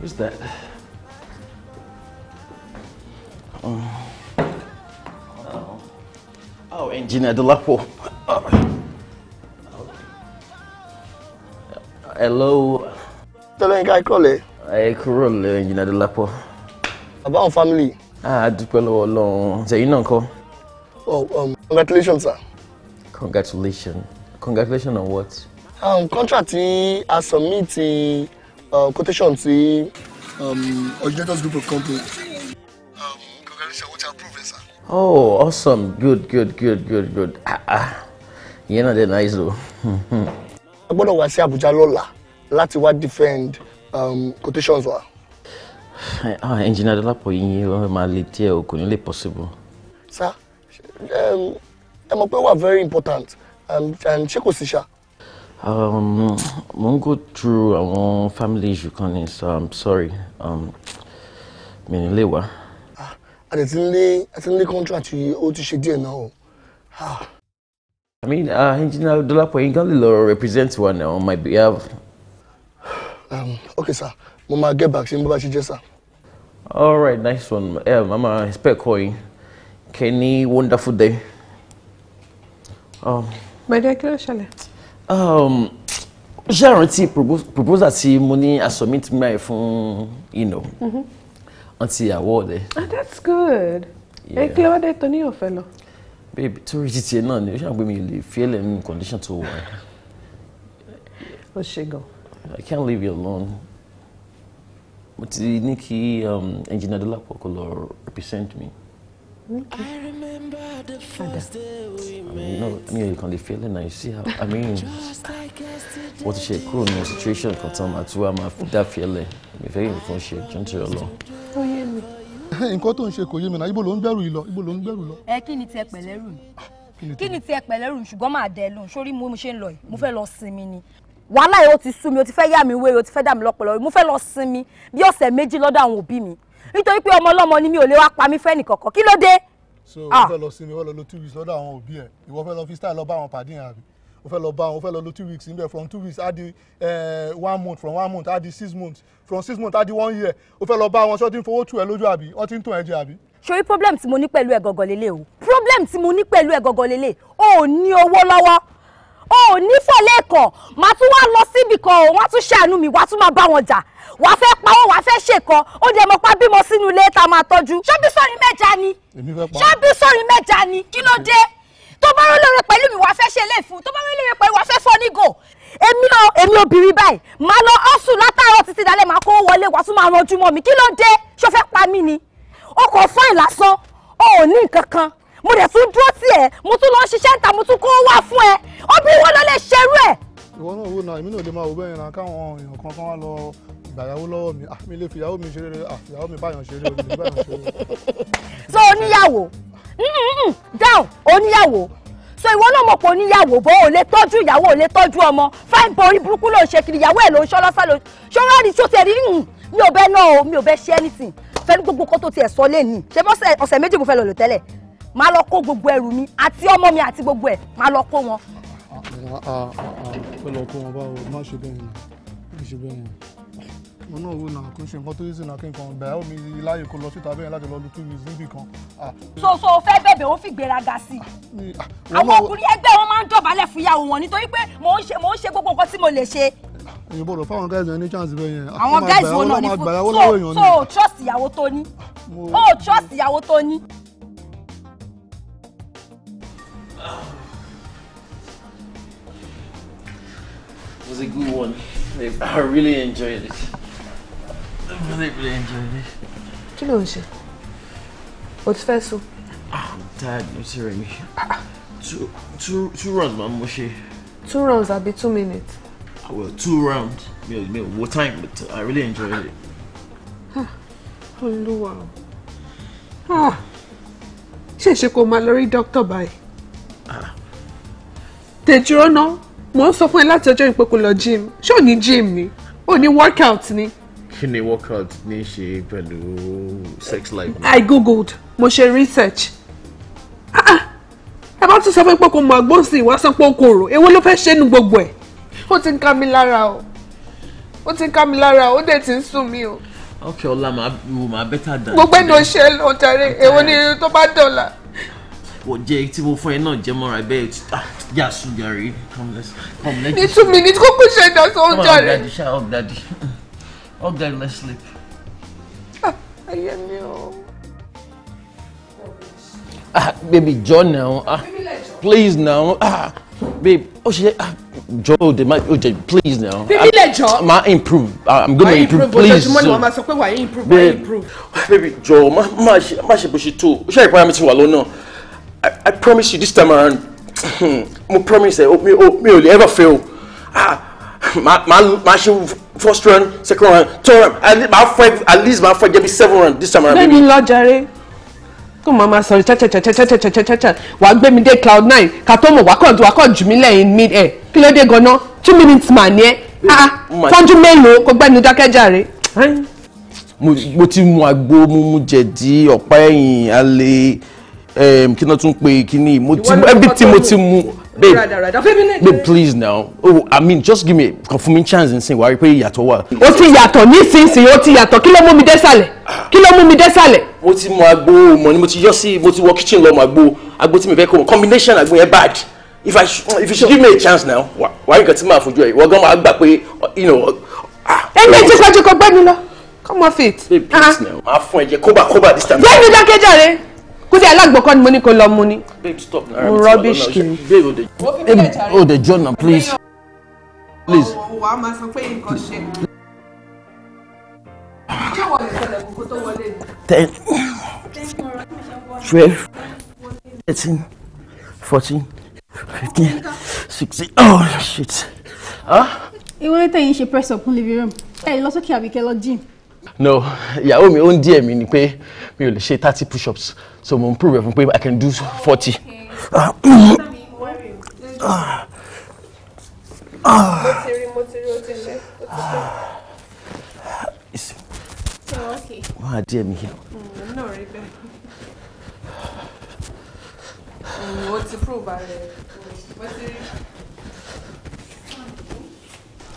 Who's that? Oh, oh. oh Engineer Dolapo. Uh, hello. Tẹ́lẹ̀ nǹkan ìkọlẹ̀. Ẹ kúrò lè Engineer Dolapo. Bàbá àwọn family. Ah, a dúpẹ́ lọ́wọ́ Ọlọ́run. Ṣèyí náà kọ́. Oh, um, congratulations, sir. Congratulations. Congratulations on what? Um, contract tí a submit quotation sí originators group of companies. Um, oh awesome good good good good good ah ah ìyẹn náà dé nice o. a gbọ́dọ̀ wá sí Àbújá lọ́la láti what defend um, quotations wa. ah engineer Dọ́lápọ̀ yín wọ́n máa lè tiẹ̀ o kò ní lè possible. sá um, ẹ mọ̀ pé wà very important and check kò sí Um, mo ń go through àwọn family issue kan ni i'm sorry Um, ní lewa. wá. Ah, a ti ń lé a ti ń lé contract yìí ó ti ṣe díẹ̀ náà o. Ah. I mean, uh, Engineer Dolapo, you can represent one on my behalf. Um, okay, sir. Mama, get back sí bó bá ṣe jẹ́, sir. All right, nice one. Yeah, Mama, expect calling. Kenny, wonderful day. Um, My dear, kí Um, ṣé àrántí proposal tí mo ní a submit my fún you know until mm-hmm. award ah, that's good. ẹ kí ló wá dé tó ní ọ̀fẹ́ lọ. babe torí ti tiẹ̀ náà ni ó ṣàgbé mi lè fi ẹlẹ́ mi condition tó wà. ó ṣe gan. I can't leave you alone. mo ti ní kí um, engineer Dọ́lápọ̀ kó lọ represent me mi ò kàn lè fi ẹlẹ́nà yìí sí i mean wọ́n ti ṣe kúrò nínú situation kan tán màá tún wá máa dá fi ẹlẹ̀ mi fẹ́ yìí fún ṣe jọ́n ti rẹ lọ. nǹkan tó ń ṣe kò yé mi náà ibo ló ń bẹ̀rù yìí lọ ibo ló ń bẹ̀rù lọ. ẹ kí ni tiẹ̀ pẹ̀lẹ́rù mi ah, kí ni tiẹ̀ pẹ̀lẹ́rù mi ṣùgbọ́n máa dẹ ẹ lóhùn sórí mo ṣe ń lọ yìí mo fẹ́ lọ sinmi ni wàhálà yìí ó ti sú mi ó ti fẹ́ yà mí wéèrè ó ti fẹ́ dà mí lọ́pọlọ mo fẹ́ lọ sinmi bí ọ̀sẹ̀ méjì lọ́dọ̀ àwọn òbí mi nítorí pé ọmọ ọlọ́mọ ni mi ò lè wá pa mí fẹ́ nìkọ̀kọ̀ kí ló dé. so o ah. fẹ́ lọ sinmi o fẹ́ lọ lo two weeks lọ́dọ̀ àwọn òbí ẹ̀ ìwọ fẹ́ lọ fi style lọ bá àwọn pàdé yẹn o fẹ́ lọ bá àwọn o fẹ́ lọ lo two weeks níbẹ̀ from two weeks adi di one month from one month adi six months from six months adi one year o fẹ́ lọ bá àwọn ṣọ́ọ́ tí ń fowó tù ẹ́ lójú àbí ọtí ń tàn ẹ́ jẹ àbí sori problem tí mo ní pẹ̀lú ẹ̀ gọ̀gọ̀ o problem tí mo ní pẹ̀lú ẹ̀ gọ̀gọ̀ o ò ní owó o ò ní fọlẹ́ kan màá tún wá lọ síbì kan o wọ́n tún ṣàánú mi wàá tún máa bá wọn jà wàá fẹ́ pawọ́ wàá fẹ́ ṣèkan ó dẹ̀ mọ́ pa bímọ sínú ilé tá a máa tọ́jú. ṣọ́bí sọ́rí mẹ́ja ni ṣọ́bí sọ́rí mẹ́ja ni kí ló dé tó bá rán lóore pẹ̀lú mi wàá fẹ́ ṣe ilé ìfún tó bá rán lóore pẹ̀lú wàá fẹ́ fọ́ nígò. èmi náà èmi obìnrin báyìí máa lọ ọ́sù látàárọ̀ títí dalẹ̀ máa kó wọlé wàá tún máa ranjú mọ́ mi kí ló dé ṣó pa mí ni o kò fọ́ ìlàsán o ò ní nǹkan kan mo dẹ̀ tún dúró tì ẹ́ mo tún lọ ṣiṣẹ́ ta mo tún kó wá fún ẹ obìnrin wo ló lè ṣerú ẹ̀. ìwọ náà wò náà èmi náà lè máa wò bẹ́ẹ̀ yẹn náà káwọn èèyàn kan kan wá lọ ìgbàyàwó lọ́wọ́ mi àmì ah, lè fi mi ṣeré ah, ìyàwó mi báyọ̀ ṣeré omi báyọ̀ so oníyàwó down oníyàwó so ìwọ náà mọ̀ pé oníyàwó bó o lè tọ́jú ìyàwó o lè tọ́jú ọmọ fáìn borí burúkú ló ń ṣe kiri ìyàwó ẹ̀ ló ń ṣọ́ lọ́sà ló ṣọ́ra rí ṣó ti anything fẹ́ẹ́ ní gbogbo kó tó tiẹ̀ sọ lé ní ṣe bọ́sẹ̀ ọ̀sẹ̀ méjì mo fẹ́ lọ lò tẹ́lẹ̀ máa lọ kó gbogbo ẹrù mi àti ọmọ mi àti gbogbo ẹ̀ máa lọ kó wọn. ọlọ kó wọn bá wọ má ṣe bẹ́ẹ̀ yẹn má ṣe bẹ́ẹ̀ yẹn mo náà wò náà kò ṣe nǹkan tó yé sí náà kí n kàn omi láàyè kó lọ síta bẹ́ẹ̀ láti lọ lu two níbì kan. Ah. so so o fẹ́ bẹ̀bẹ̀ ó fi gbéraga sí i. Ah, àwọn ọkùnrin ẹgbẹ́ wọn máa ń dọ̀bálẹ̀ fún wọn nítorí pé mò ń ṣe gbogbo nǹkan tí mo lè ṣe òyìnbó rò fáwọn guys yẹn ní chance bẹ́ẹ̀ yẹn. àwọn guys wo náà ní fún so so trust ìyàwó tó ní. o trust ìyàwó tó ní. It was a good one. I really enjoyed it. I really, really enjoyed it. Kí ló ń ṣe? O ti fẹ́ sùn? Ah, I'm tired, no sorry me. Ah. Two, two, two rounds, màá mo ṣe. Two rounds àbí two minutes? Ah, well, two rounds. Mi ò mi ò wo time but I really enjoyed it. Ah, Olúwa o. Ṣé ṣe kó máa lọ rí dókítà báyìí? Tèjú ọ̀nà mo ń sọ fún ẹ láti ọjọ́ ìpè kò lọ gym ṣé ò ní gym ni ò ní workout ni. kí ni workout ní ṣe pẹ̀lú sex life. i googled mo ṣe research ah, ah. ẹ bá tún sọ fún pé kò mọ àgbọn sí ìwà sọ pé o kò rò èwo ló fẹ́ ṣe nu gbogbo ẹ̀ ó ti ń ká mi lára o ó ti ń ká mi lára o ó dẹ̀ ti ń sùn mí o. ok ọlá màá bẹ́tà dà. gbogbo ẹni o ṣe lọ́ọ́ jàre èwo ni tó bá dọ̀la pọ̀ tí mo fún ẹ náà jẹ́ mọ́ra bẹ́ẹ̀ ah, yà sùn jàre come let's come let's. ní two minutes kókó ṣe é dá sóun jàre. ọ̀gá daddy ṣá ọ̀gá daddy ọ̀gá let's sleep. Ah, ayé mi o. ah baby john now ah please now ah babe ó ṣe ah jọ̀ọ́ de ma o jẹ please now. Baby ah, lè jọ. ma improve i'm gonna improve, please. wàá improve ojoojúmọ́ ni sọ pé wàá improve wàá improve. baby jọ̀ọ́ má má ṣe bó ṣe tó ṣé ìpayà mi ti wà lọ́nà. I promise you this time around, mo promise ẹ mi ò mi ò lè ever fail ah my, my, my, ṣe first round second round third round at ma fọ at least my ma fọ jẹbi seven round this time around. bẹ́ẹ̀ni lọjàre kó máa Cha, cha, cha, cha, cha, cha, cha, cloud nine ká tó mọ̀ wàá kàn wàá kàn jù mí in mid air kí de gono. two minutes mà ní ẹ ah fọ́njú mélòó kó gbẹ́ni dákẹ́jàre mo ti mu àgbo mo mu jedi, ọ̀pá ẹ̀yìn alẹ́. Um, kí náà tún pé kíní mo ẹbí tí mo ti mu babe babe please now oh i mean just give me confirming chance nsìn wàá rí pé ìyàtọ̀ wà. ó ti yàtọ̀ nísinsìnyí ó ti yàtọ̀ kí ló mú mi désàlẹ̀ kí ló mú mi désàlẹ̀. mo ti mu agbo mọ ni mo ti yọ sí mo ti wọ kitchen lọ mọ agbo agbo tí mi fẹ́ kọ́ combination agbo yẹn bad if i if you should give me a chance now wàá rí nǹkan tí màá fojú ẹ ìwọ gan máa gbà pé you know. ẹ ní ìjẹ́kọ̀jẹ́kọ̀ gbẹ́nu lọ come off it. babe please ah. now máa fún ẹ jẹ kóbà kóbà this time. gbẹ́nu dákẹ́jọ́ rẹ kó tí alágbọ̀kọ́ ni mo ní kó lọ mu ni. rubbish kiri. o de jona please. please. wàá máa sọ pé nǹkan ṣe. ten twelve thirteen fourteen fifteen sixteen oh shit. Ah. ìwé tẹ̀yìn ṣe press up ní living room ẹ̀ lọ sókè àbíkẹ́ lọ gym. no ìyàwó mi ó ń díẹ̀ mi ni pé mi ò lè ṣe thirty push-ups so mo improve fún pé i can do forty. wọ́n á díẹ̀ mi yẹ. náà rí bẹ́ẹ̀. o ti prove ààrẹ wọ́n ti rí.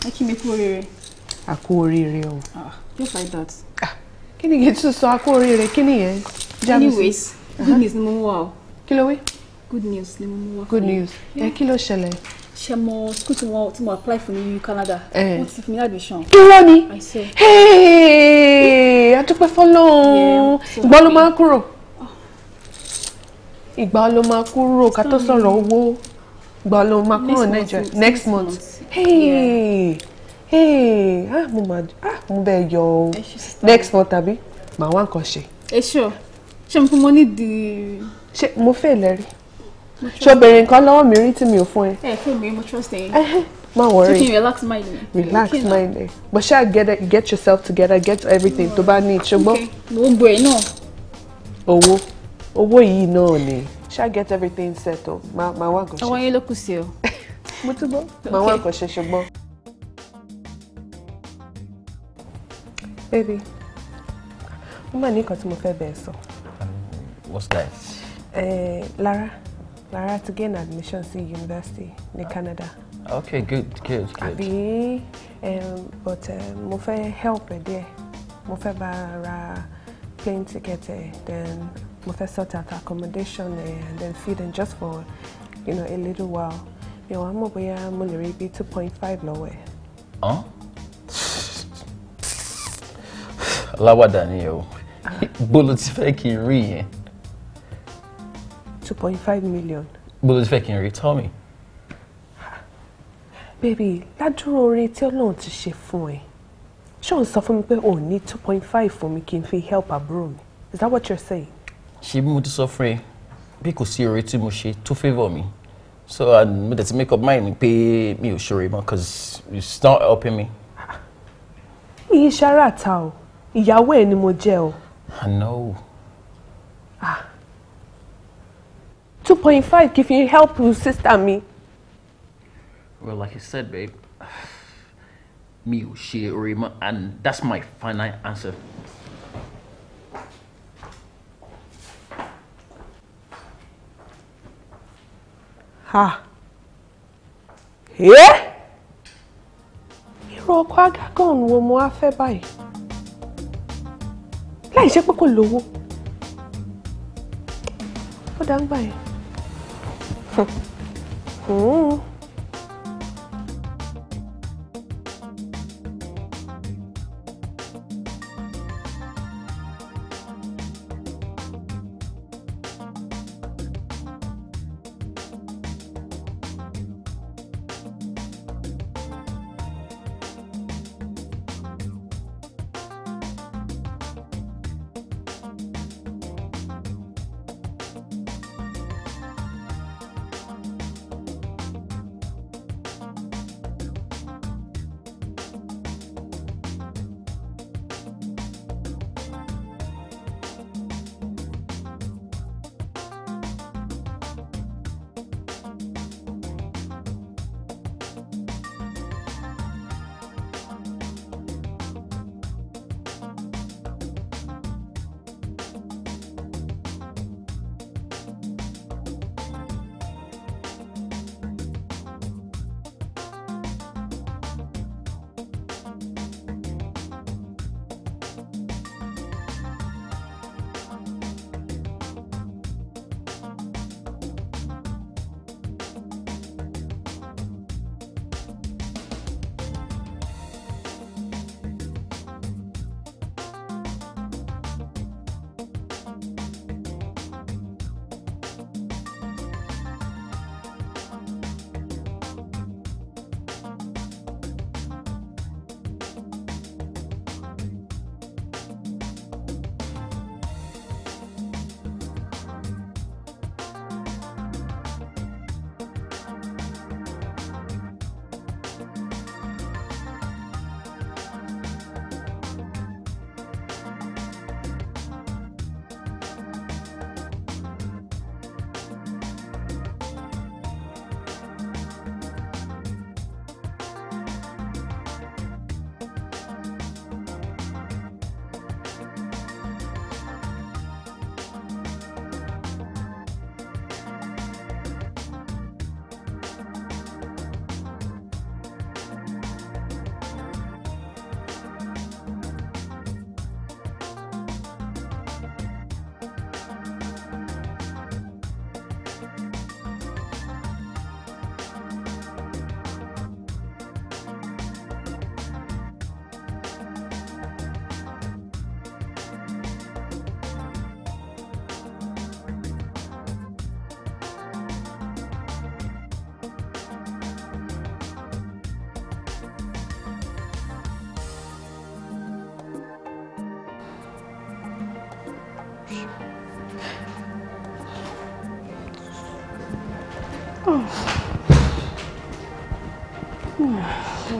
ẹ kí mi kú oríire. àkú ah, just like that. Ah, kí ni kí n tún sọ àkú oríire kí nìyẹn. anyways good news ni mo mú wa o. kí ló wí. good news ni mo mú wa. good news ẹ kí ló ṣẹlẹ̀. ṣe mo school tí mo tí mo apply for ní Canada wọ́n eh. ti fún mi admission. irọ́ ni adúpẹ́ fọlọ́run ìgbà ló máa kúrò ah. ìgbà ló máa kúrò ká tó sọ̀rọ̀ owó ìgbà ló máa kúrò Nigeria next month. Hey. Hey. ah mo ah, bẹ̀ yọ o next month tàbí màá wá nǹkan ṣe. ẹ ṣọ́ ṣé mo fún mo ní di. ṣé mo fẹ́ lẹ́rí ṣé obìnrin kan lọ́wọ́ mi rí tí mi ò fún ẹ. ẹ fún mi mo trust ẹ. má worry so kí n relax mind mi. relax mind ẹ but ṣáà get it get yourself together get everything tó bá ní ìṣọgbọ́n. mo gbọ́ ẹ náà. owó owó yìí náà ni ṣáà get everything set o Ma, wá nǹkan ṣe. ọwọ́ yín ló kù sí o. mo tún gbọ́ máa wá nǹkan ṣe ṣùgbọ́n. baby mo máa ní nǹkan tí mo fẹ́ bẹ́ẹ̀ sọ. So what's that? Uh, Lara. Lara to gain admission to university in Canada. Okay, good, good, good. Àbí, um, but I'm eh, fẹ́ help ẹ díẹ̀. Mo fẹ́ bá ra plane ticket ẹ, then I'm fẹ́ sort out accommodation ẹ, and then feed them just for, you know, a little while. You know I'm mọ̀ bóyá mo lè rí bí two point five lọ́wọ́ Huh? Aláwàdà ni o. Ah. Bó ló ti two point five million. bó ló ti fẹ́ kí n rí tọ́ mi. bébì ládùúrò oore tí ọlọ́run ti ṣe fún ẹ ṣé òun sọ fún mi pé òun ní two point five fún mi kí n fi help àbúrò mi is that what you're saying. ṣé bí mo ti sọ fún ẹ bí kò sí oore tí mo ṣe tó favour mi so mo dẹ̀ make up mind pé mi ò ṣòro mọ́ cause it's not helping me. mi yí sára ta o ìyàwó ẹ ni mo jẹ o. I know. 2.5. point five kì í fi help sister mi. well like you said babe mi ò ṣe oore mọ́ and that's my final answer. ha ee irú ọkọ agágàn wo mo á fẹ́ báyìí láì ṣe pé kò lówó ó dá ń gbà yẹn. 오.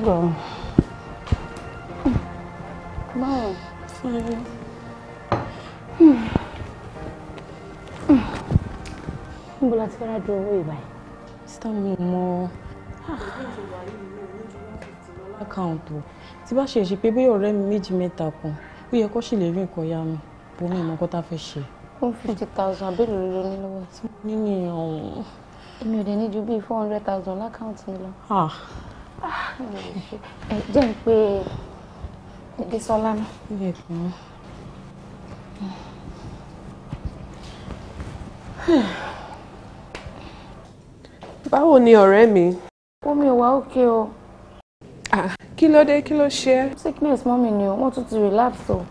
on, Báwo? Fúnlẹ́lẹ́. Níbo la ti fẹ́ rájú owó ìbáyìí? Sítá mi mọ àkáǹtì tí bá ṣe ṣe pé bí ọ̀rẹ́ mi méjì mẹ́ta kan ó yẹ kó sì lè rí nǹkan yá mi bó mi mọ kó tá fẹ́ ṣe. one fifty thousand abẹ́lẹ̀ ló ní lọ́wọ́ tí. nínú ìyàn ọ̀hún èmi ò dé ní ju bíi four hundred thousand lákàntì mi lọ. Ah. Ah, ẹ jẹ́ ń pé Adésọ́lá mi. báwo ni ọ̀rẹ́ mi. omi ò wá òkè o. Ah, kí ló dé kí ló ṣe é. sickness mọ́ mi ni o wọ́n tún ti relax o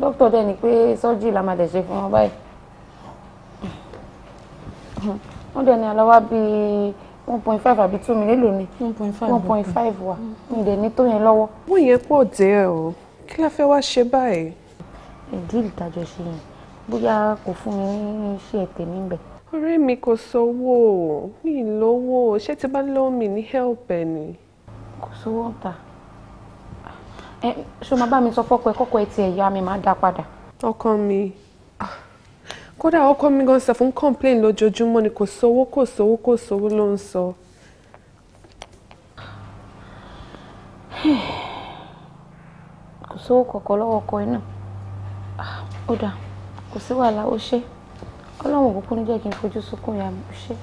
dókítà dẹ̀ ni pé sọ́jú la ṣe fún wọn báyìí wọ́n dẹ̀ ní aláwa bíi one point five àbí two mílíọ̀nù ni one point five wa n dẹ̀ ní tó yẹn lọ́wọ́. wọ́n yẹ pọ̀ díẹ̀ o kí la fẹ́ wá ṣe báyìí. ìdílé ìtajọ ṣe yẹn bóyá kò fún mi ní iṣẹ́ ètè níbẹ̀. ọ̀rẹ́ mi kò sówó mi lówó ṣé ti bá lọ́wọ́ mi ní help ẹ̀ ni. kò sówó ń ta ṣé o máa bá mi sọ fọ́kọ ẹ kọ́kọ ẹ tiẹ̀ yá mi máa dá padà. ọkàn mi kódà ọkọ mi gan sọ fún complain lójoojúmọ́ ni kò sówó kò sówó kò sówó ló ń sọ. kò sówó kọ̀ọ̀kan lọ́wọ́ ọkọ iná ah, ó dà kò sí wàhálà ó ṣe ọlọ́run òkúkú ní jẹ́ kí n fojú sunkún ìyá mi ó ṣe.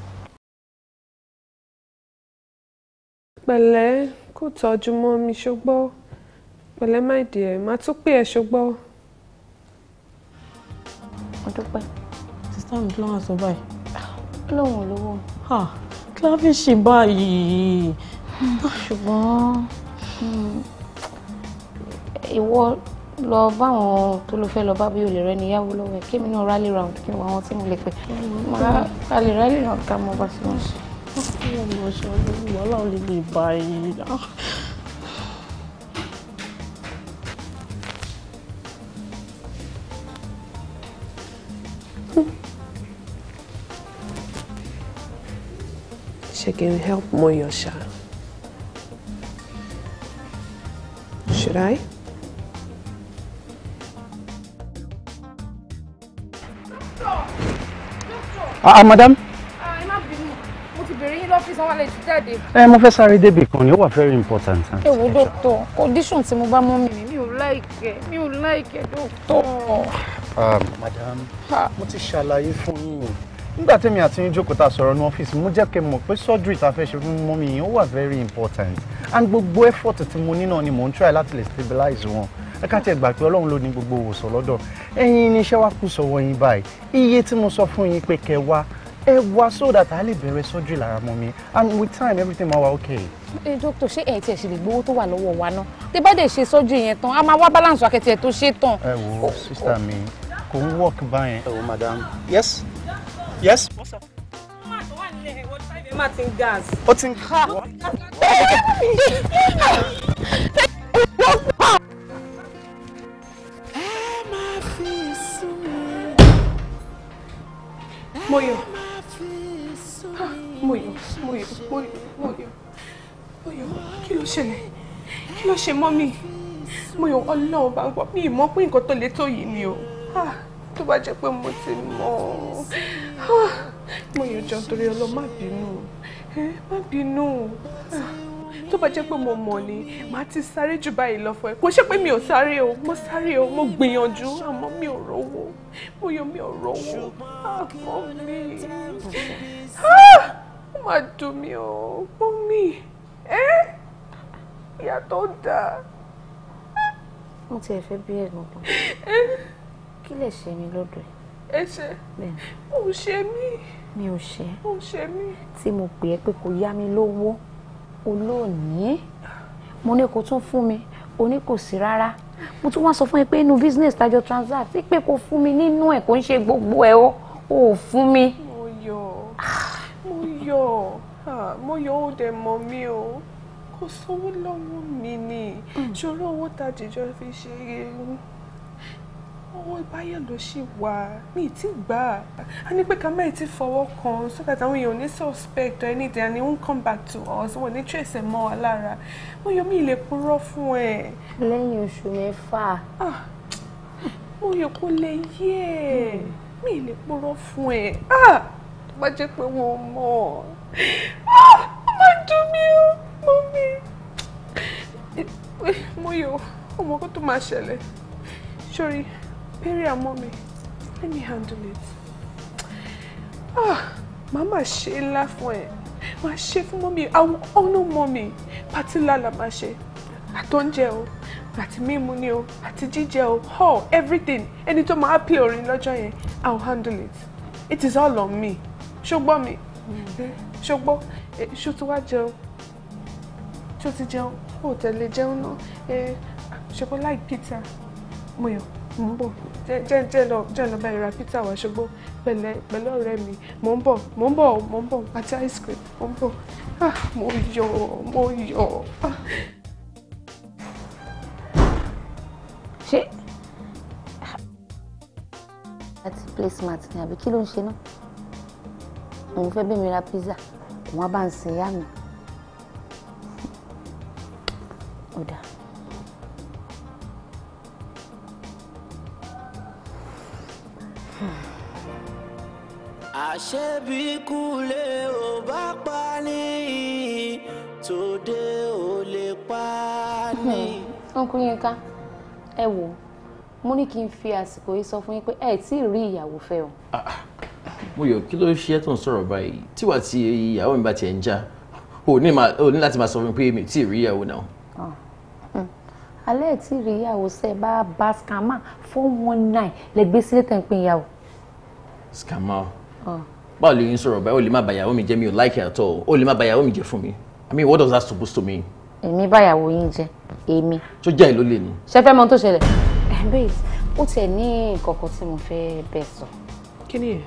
pẹ̀lẹ́ kò tọ́jú mọ́ mi ṣùgbọ́n pẹ̀lẹ́ my dear màá tún pè ẹ́ ṣùgbọ́n. mo dúpẹ́ sista mi kí ló wà sọ báyìí. lóun ò lówó. kí ló fi ṣe báyìí. ṣùgbọ́n hmm, ìwọ lọ báwọn tó ló fẹ́ lọ bá bí olè rẹ níyàwó lọ́wọ́ ẹ̀ kémi náà rally round kí n wọ àwọn tí mo lè pè. máa rally rally round ká mọ bá ṣe wọ́n ṣe. ó kí wọ́n mọ̀ ṣe ọdún wàhálà ò lè lè báyìí. can help Moyosha. Should I? Ah, ah, madam. Ah, ẹ má bínú. Mo ti bèrè yín lọ́fíìsì, wọ́n lè ti jáde. Ẹ eh, mo fẹ́ sáré débi kan ni, ó wà very important. Ẹ wo dókítọ̀, condition tí mo bá mọ́ mi mi ò láìkẹ́, mi ò láìkẹ́ dókítọ̀. Ah, madam, ah. mo ti ṣàlàyé fún yín o nígbà tẹ́mi àti yín jókòó ta sọ̀rọ̀ ní ọ́fíìsì mo jẹ́ kẹ́ mọ̀ pé surgery ta fẹ́ ṣe fún mọ́mí yín ó wà very important and gbogbo effort tí mo ní náà ni mò ń try láti lè stabilize wọn ẹ ká tiẹ̀ gbà pé ọlọ́run ló ní gbogbo òwòsàn lọ́dọ̀ ẹ̀yin ni iṣẹ́ wa kù sọ̀wọ́ yín báyìí iye tí mo sọ fún yín pé kẹ́ wá ẹ wá so that a lè bẹ̀rẹ̀ surgery lára mọ́mí and with time everything máa wà okay. Eh, ẹ dókítà ṣé ẹ tiẹ̀ ṣe lè gbowó tó wà lọ́wọ́ wa náà surgery yẹn tán a máa balance wa kẹ́tì ẹ̀ tó ṣe tán. ẹ wo sísá mi kò ń work báyẹn. ẹ wo madam yes Yes? What's up? Martin gas. O ti ń Moyo. Ah, Moyo. Moyo. Moyo. Moyo. Moyo. Kí ló ṣẹlẹ̀? Kí ló ṣe mọ́ mi? Moyo ọlọ́run bá ń gbọ́. Mi ì mọ̀ pé nǹkan tó le tó yìí ni o. Ah tó bá jẹ́ pé mo ti mọ̀ mo yànjọ torí ọlọ má bínú má bínú tó bá jẹ́ pé mo mọ̀ ni màá ti sáré jù báyìí lọ fún ẹ kò ṣe pé mi ò sáré o mo sáré o mo gbìyànjú àmọ́ mi ò rówó mo yọ mi ò rówó àmọ́ mi ah! ó máa dùn mí o mú mi ìyá tó dáa. mo ti ẹ̀ fẹ́ bí ẹ̀gbọ́n kan kí lè ṣe mí lọ́dọ̀ ẹ̀. ẹ ṣe ò ṣe mí. mi ò ṣe. ò ṣe mí. tí mo pè é pé kò yá mi lówó olóòní mo ní kó tún fún mi o ní kò sí rárá mo tún wá sọ fún ẹ pé inú business tajọ transact pé kò fún mi nínú ẹ kò ń ṣe gbogbo ẹ o ò fún mi. mo yọ mo yọ mo yọ ó dẹ mọ mi o kò sówó lọ́wọ́ mi ni mm. ṣòro owó tajìjọ fi ṣe é owó ìbáyọ̀ ló ṣe wà mí ì tí gbà á a ní pé ká má ti fọwọ́ kan so that àwọn èèyàn ní suspect or anything and they won't come back to us wọn ní trace mọ́ wa lára wọ́n yọ mí ilé purọ́ fún ẹ. lẹ́yìn oṣù mẹ́fà. mo yẹ kó lè yé ẹ mí ilé purọ́ fún ẹ ah, tó bá jẹ́ pé wọ́n mọ̀ ọ́ ah, ó máa dùn mí ó mọ́ mi mo yọ ọmọ kó tó máa ṣẹlẹ̀ sórí. Perry mommy, let me handle it. Ah, Mama, she laugh when. My chef, ṣe mommy. I will honor mommy. pati lala máa ṣe. Àtọ́njẹ o, àti mímu ni o, àti jíjẹ o, hall, everything. Ẹni tó máa pè orin lọ́jọ́ yẹn, I will handle it. It is all on me. Shogbo me, shogbo, ṣó ti wá jẹun. Ṣó ti jẹun. Ó tẹ̀lé jẹun náà. Ṣùgbọ́n láì pizza. muyo ń bọ̀ jẹ́ jẹ́ lọ jẹ́ lọ bá ìra peter wá ṣogbó pẹ̀lẹ́ pẹ̀lẹ́ ọ̀rẹ́ mi mò ń bọ̀ mò ń bọ̀ mò ń bọ̀ àti ice cream mò ń bọ̀ ah, mo yọ̀ mo yọ̀. Ah. ṣé àti placemat ni àbí kí ló ń ṣe náà òun fẹ́ bẹ́ẹ̀ mi ra pizza òun á bá ń sin ìyá mi. ó àṣebíkulé ò bá pa ní tòde ò lè pa ní. Hmm. uncle Yinka ẹ wò mo ní kí n fi àsìkò yìí sọ fún yín pé ẹ tí ì rí ìyàwó fẹ́ o. Ah, ah. mo yọ kí ló ṣe é tó ń sọ̀rọ̀ báyìí tíwà tí ìyàwó mi bá tiẹ̀ ń já o ní láti máa sọ fún mi pé mi tí ì rí ìyàwó náà ah, hmm. alẹ́ tí rí ìyàwó sẹ́ bá bá scammer four one nine lẹ́gbẹ́ sílẹ̀ tẹ̀ ń pín ìyàwó. scammer Ah. báwo lè yín sọ̀rọ̀ báyìí ó lè má bàyàwó mi jẹ́ mi ò like at all ó lè má bàyàwó mi jẹ́ fún mi i mean what does that suppose to mean. èmi báyàwó yín jẹ èmi. tó jẹ́ ìlú lè ní. ṣé fẹ́ mọ tó ṣẹlẹ̀. Eh, bẹ́ẹ̀ ó tiẹ̀ ní nǹkan kan tí mo fẹ́ bẹ́ẹ̀ sọ. kí ni ẹ.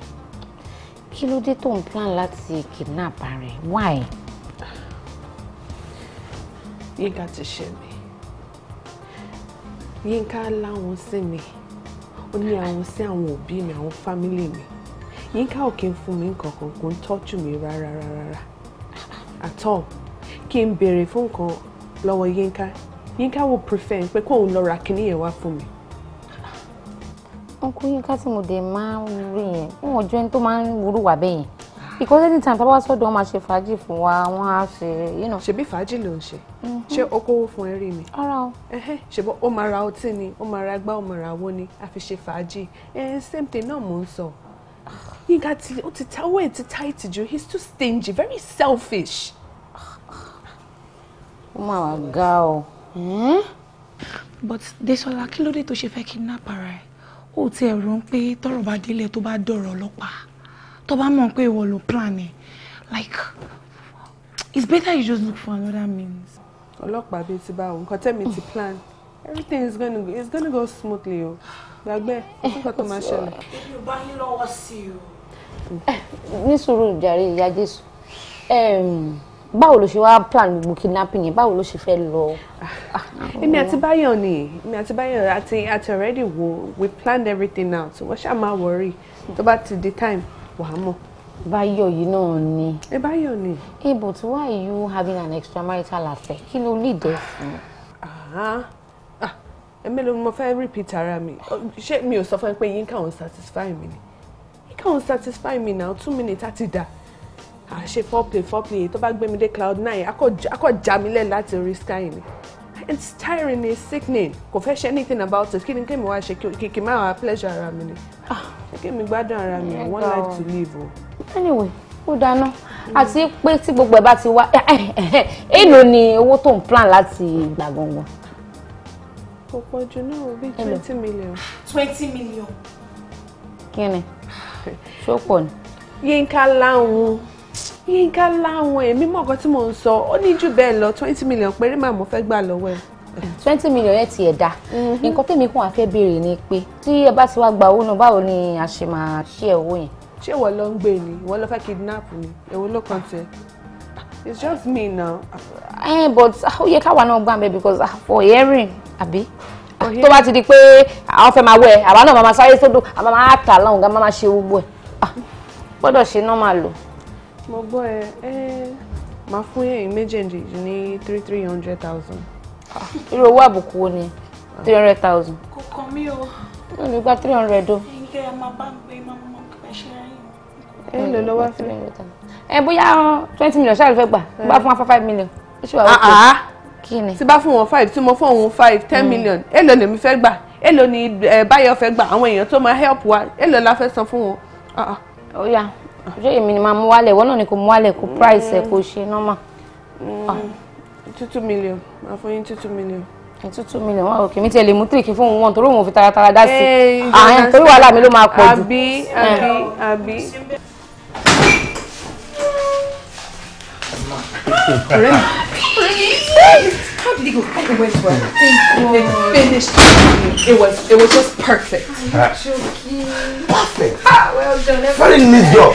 kí ló dé tó ń plan láti kidnap rẹ why. yínká ti ṣe mí yínká láwọn sí mi ó ní àwọn sí àwọn òbí mi àwọn fámílì mi Yínká ò kí ń fún mi nǹkan kan kò ń tọ́jú mi rárá rárá at all kí n béèrè fún nǹkan lọ́wọ́ Yínká Yínká wò prefer pé kóun lọ ra kíní yẹn wá fún mi. uncle Yínká tí mo dé máa ń rí yẹn wọn ò jọ ẹni tó máa ń wúrúwà bẹ́ẹ̀ yẹn because anytime tá a bá wá sọ́dọ̀ wọn máa ṣe fàájì fún wa wọn á ṣe you know. ṣebí fàájì ló ń ṣe mm-hmm. ṣé ó kówó fún ẹ rí ni. ara o. ṣùgbọ́n ó máa ra ọtí ni ó máa ra gbá ó máa ra owó ni a fi ṣe fàájì same thing náà mò ń sọ. So Yinka ti ó ti ta owó ẹ̀ ti ta ìtìjú he's too stingy very selfish. ó mà wá ga o. but Desola kí ló dé tó ṣe fẹ́ kidnap ara ẹ̀ ó ti ẹ̀rù ń pé tọ́rọ̀ bá délé tó bá dọ̀rọ̀ ọlọ́pàá tó bá mọ̀ pé ìwọ ló plan ẹ̀ like it's better you just look for another means. ọlọ́pàá bíi ti báwo nǹkan tẹ́mi ti plan everything is gonna go, is gonna go smoothly o gbàgbé nǹkan tó máa ṣẹlẹ̀. ebi ò bá yín lọ́wọ́ sí i o. Eh, ní sùúrù jàre ìyá jésù báwo ló ṣe wá plan gbogbo kidnapping yẹn báwo ló ṣe fẹ́ lọ. èmi àti báyọ̀ ni èmi àti báyọ̀ àti àti already wo we planned everything out wọ́n ṣáà máa worry tó bá ti di time wàá mọ̀ báyọ̀ yìí náà ni. ẹ báyọ̀ ni. ẹ eh, but why you having an extramarital affair kí ló lè dé fún. Ah, ẹ mélòó mo fẹ́ repeat ara mi ṣé mi ò sọ fún ẹ pé yín káwọn satisfy mi ni kàn satisfy me now two minutes àti dà à ṣe foreplay foreplay tó bá gbé mi dé cloud nine akọ̀ já mi lẹ̀ láti orí sky ni it's tiring it's sickening kò fẹ́ ṣe anything about it kí ni kí mi wá ṣe kìkì má wàá pleasure ara mi ni ah. kí mi gbádùn ara mi i want life to live o. Oh. anyway ó dáná mm. àti pé tí gbogbo ẹ bá ti wá èèlò eh, eh, eh, ni owó tó ń plan láti gbà gangan. kò pọ̀ jù náà bíi twenty million. twenty million. kí ni ṣó pọ̀ ni. yínká láwọn yínká láwọn èmi mọ̀ nǹkan tí mò ń sọ ó ní jù bẹ́ẹ̀ lọ twenty million péré màá mo fẹ́ gbà lọ́wọ́ ẹ̀ twenty million yẹn ti ẹ̀ da mhm. nǹkan tèmi kún àfẹ́ béèrè ni pé tí ẹ bá ti wá gba owó náà báwo ni a ṣe máa ṣí ẹ owó yẹn. ṣé ìwọ ló ń gbé ni ìwọ ló fẹ́ kidnap ni èwo ló kàn tẹ it's just me now. ẹ eh, but ó yẹ káwa náà gbà mí because ah, for hearing àbí tó bá ti di pé àwọn fẹ́ máa wẹ̀ àbá náà máa sáré sódò àbá máa tà láwọn gan máa ṣe gbogbo ẹ̀ ah, gbọ́dọ̀ ṣe normal lò. mo gbọ́ ẹ ẹ máa fún ẹ̀yin méjèèjì ní three three hundred thousand. Ah, irú owó àbùkù wo ni three hundred thousand. kò kàn mí o. mi ò gba three hundred o. ẹ̀yin kẹ́ ẹ máa bá ń gbé máa mọ ẹ̀ṣẹ̀ ẹ̀yìn. ẹ lè lọ wá fún mi. ẹ bóyá twenty million ṣáà ló fẹ́ gbà bá fún wa five million. ó ṣì wà ó ah, kè kíni. tí bá fún wọn five tí mo fún òun five ten mm. million èlò lèmi fẹ́ gbà èlò ni eh, báyọ̀ fẹ́ gbà àwọn èèyàn tó máa help wa èlò la fẹ́ san fún wọn. Ah, ah. ó yá ṣé èmi ni màá mú wálẹ̀ ìwọ náà ni kò mú wálẹ̀ kò mm. price ẹ̀ kò ṣe normal. Mm. Ah. two two million màá fún yín two two million tútù mi lè wọn òkè mi tiẹ̀ lè mú tìrìkì fún wọn torí òun fi taratara dá sí i àhẹn torí wàhálà mi ló máa pọ̀ jù. àbí How did it go? It went well. It finished. It was it was just perfect. Ah. Perfect. Ah, well done. Very neat job.